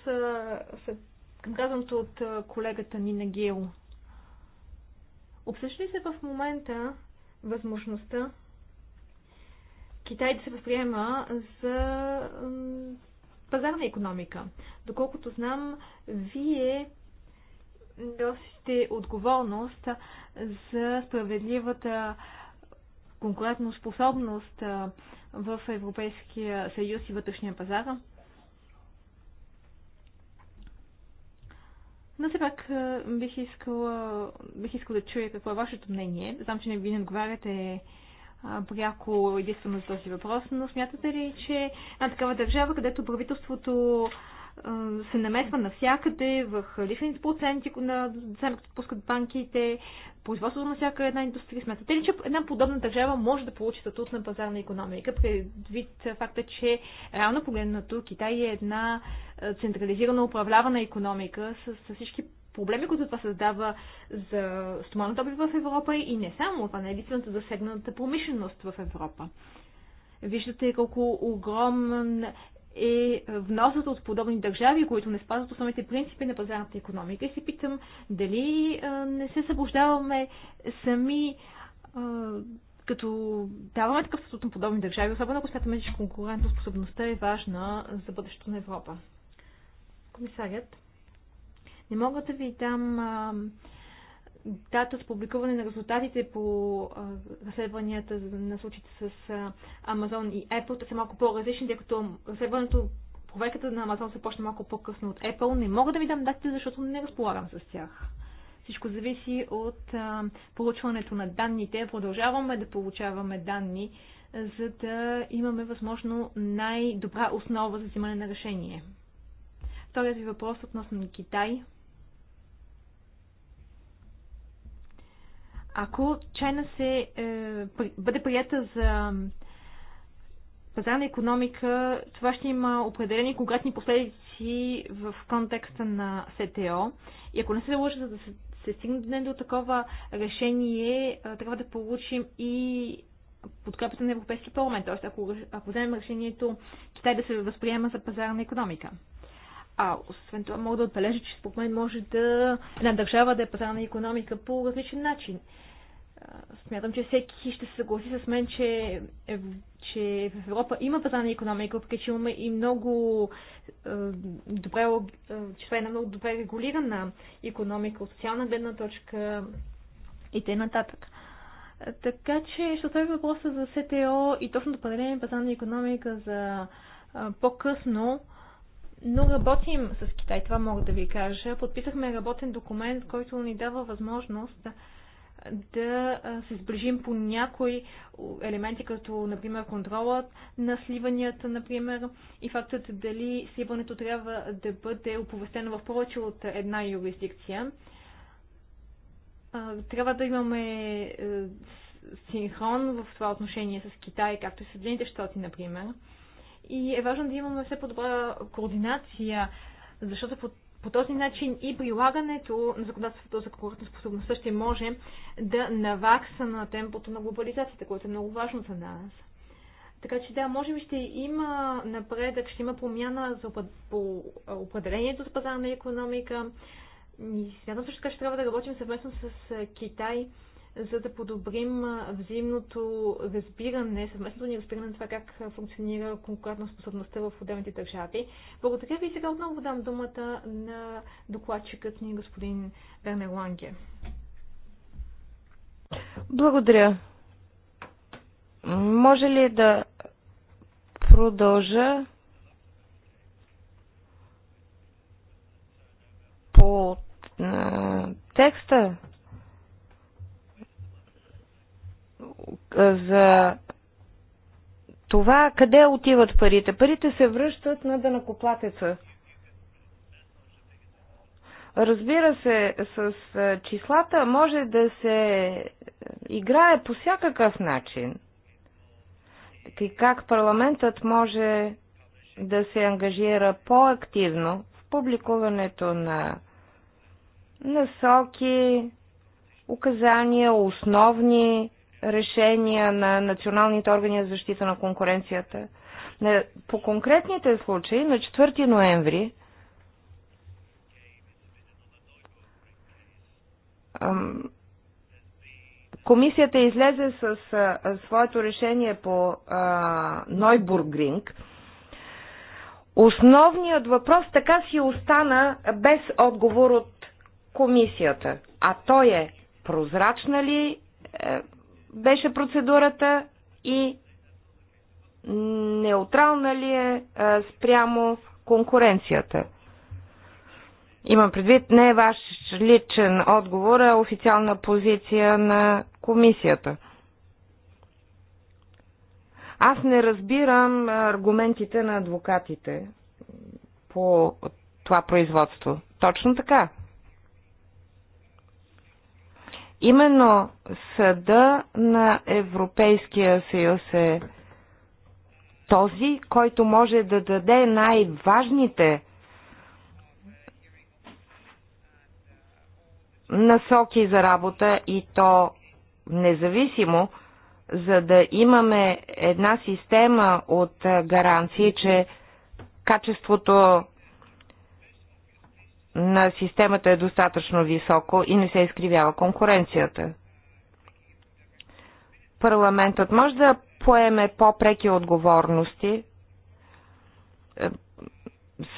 към казаното от колегата Нина Гил. Обсъжда ли се в момента възможността Китай да се възприема за пазарна економика? Доколкото знам, вие носите отговорност за справедливата конкурентно способност в Европейския съюз и вътрешния пазар. Но все пак бих искала, бих искала да чуя какво е вашето мнение. Знам, че не ви не отговаряте пряко единствено за този въпрос, но смятате ли, че една такава държава, където правителството се намесва навсякъде, в лихвените проценти на децата, които пускат банките, производството на всяка една индустрия. Смятате ли, че една подобна държава може да получи статут на пазарна економика, предвид факта, че реално погледнато Китай е една централизирана управлявана економика с, с всички проблеми, които това създава за стоманата в Европа и не само, това не е единствената засегната промишленост в Европа. Виждате колко огромен е вносът от подобни държави, които не спазват основните принципи на пазарната економика. И се питам дали не се събуждаваме сами като даваме такъв статут на подобни държави, особено ако смятаме, че конкурентоспособността е важна за бъдещето на Европа. Комисарят, не мога да ви дам дата с публикуване на резултатите по разследванията на случаите с Амазон и Apple те са малко по-различни, тъй като разследването, проверката на Амазон се почна малко по-късно от Apple. Не мога да ви дам датите, защото не разполагам с тях. Всичко зависи от а, получването на данните. Продължаваме да получаваме данни, за да имаме възможно най-добра основа за взимане на решение. Вторият ви въпрос относно Китай – Ако Чайна се е, при, бъде прията за пазарна економика, това ще има определени конкретни последици в контекста на СТО. И ако не се заложи, за да се, се стигне до такова решение, е, трябва да получим и подкрепата на Европейския парламент. Тоест, ако, ако вземем решението Китай да се възприема за пазарна економика. А освен това мога да отбележа, че според мен може да една държава да е пазарна економика по различен начин. Смятам, че всеки ще се съгласи с мен, че, е че в Европа има пазарна економика, въпреки че имаме и много е, добре, е, че е една много добре регулирана економика от социална гледна точка и т.н. Така че ще оставя въпроса за СТО и точното определение пазарна економика за по-късно но работим с Китай, това мога да ви кажа. Подписахме работен документ, който ни дава възможност да, да се сближим по някои елементи, като, например, контролът на сливанията, например, и фактът дали сливането трябва да бъде оповестено в повече от една юрисдикция. Трябва да имаме синхрон в това отношение с Китай, както и Съединените щати, например и е важно да имаме все по-добра координация, защото по, по този начин и прилагането на законодателството за способността ще може да навакса на темпото на глобализацията, което е много важно за нас. Така че да, може би ще има напредък, ще има промяна за, по определението за пазарна економика. И смятам също така, че трябва да работим съвместно с Китай, за да подобрим взаимното разбиране, съвместното ни разбиране на това как функционира конкурентна способността в отделните държави. Благодаря ви и сега отново дам думата на докладчикът ни господин Бернер Ланге. Благодаря. Може ли да продължа по текста? за това къде отиват парите. Парите се връщат на дънакоплатеца. Разбира се, с числата може да се играе по всякакъв начин. И как парламентът може да се ангажира по-активно в публикуването на насоки, указания, основни решения на националните органи за защита на конкуренцията. По конкретните случаи на 4 ноември комисията излезе с своето решение по Нойбургринг. Основният въпрос така си остана без отговор от комисията, а той е прозрачна ли е, беше процедурата и неутрална ли е а, спрямо конкуренцията? Имам предвид, не е ваш личен отговор, а официална позиция на комисията. Аз не разбирам аргументите на адвокатите по това производство. Точно така. Именно съда на Европейския съюз е този, който може да даде най-важните насоки за работа и то независимо, за да имаме една система от гаранции, че качеството на системата е достатъчно високо и не се изкривява конкуренцията. Парламентът може да поеме по-преки отговорности. Е,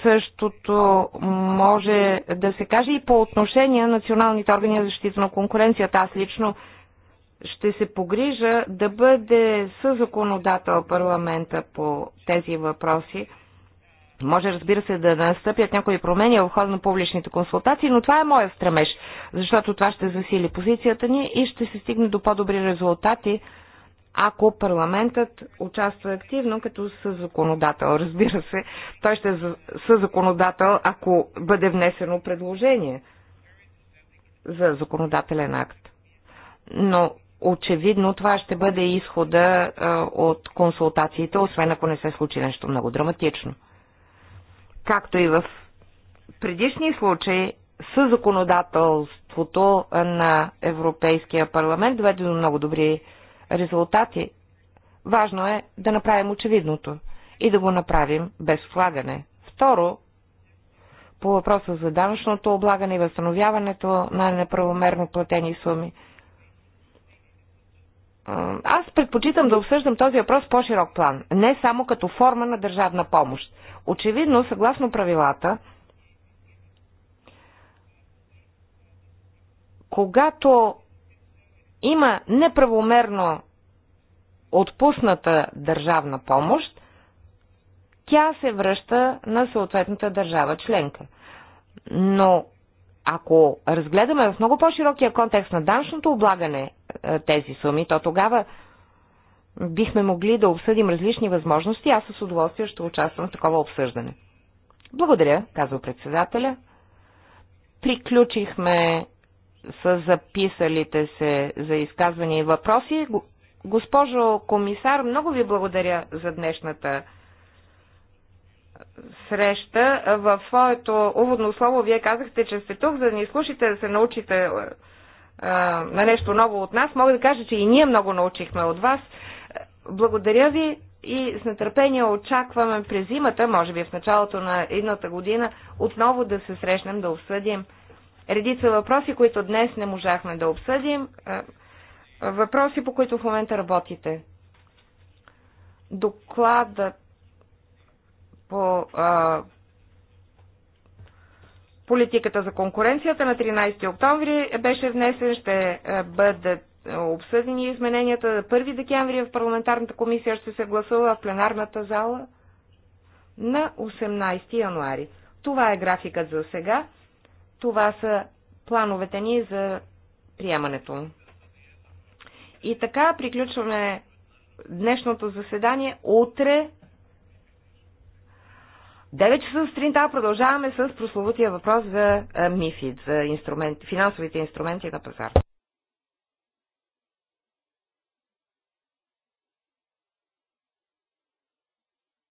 същото може да се каже и по отношение на националните органи за защита на конкуренцията. Аз лично ще се погрижа да бъде съзаконодател парламента по тези въпроси може, разбира се, да настъпят някои промени в хода на публичните консултации, но това е моят стремеж, защото това ще засили позицията ни и ще се стигне до по-добри резултати, ако парламентът участва активно като съзаконодател. Разбира се, той ще е съзаконодател, ако бъде внесено предложение за законодателен акт. Но очевидно това ще бъде изхода от консултациите, освен ако не се случи нещо много драматично. Както и в предишни случаи, със законодателството на Европейския парламент доведе до много добри резултати. Важно е да направим очевидното и да го направим без влагане. Второ, по въпроса за данъчното облагане и възстановяването на неправомерно платени суми – аз предпочитам да обсъждам този въпрос по-широк план, не само като форма на държавна помощ. Очевидно, съгласно правилата, когато има неправомерно отпусната държавна помощ, тя се връща на съответната държава членка. Но ако разгледаме в много по-широкия контекст на данчното облагане е, тези суми, то тогава бихме могли да обсъдим различни възможности. Аз с удоволствие ще участвам в такова обсъждане. Благодаря, казва председателя. Приключихме с записалите се за изказвания и въпроси. Госпожо комисар, много ви благодаря за днешната среща. В своето уводно слово вие казахте, че сте тук, за да ни слушате, да се научите а, е, е, на нещо ново от нас. Мога да кажа, че и ние много научихме от вас. Благодаря ви и с нетърпение очакваме през зимата, може би в началото на едната година, отново да се срещнем, да обсъдим редица въпроси, които днес не можахме да обсъдим, е, въпроси, по които в момента работите. Докладът по а, политиката за конкуренцията на 13 октомври беше внесен, ще бъдат обсъдени измененията. 1 декември в парламентарната комисия ще се гласува в пленарната зала на 18 януари. Това е графикът за сега. Това са плановете ни за приемането И така приключваме днешното заседание. Утре 9 часа сутринта продължаваме с прословутия въпрос за МИФИД, за инструмент, финансовите инструменти на пазар.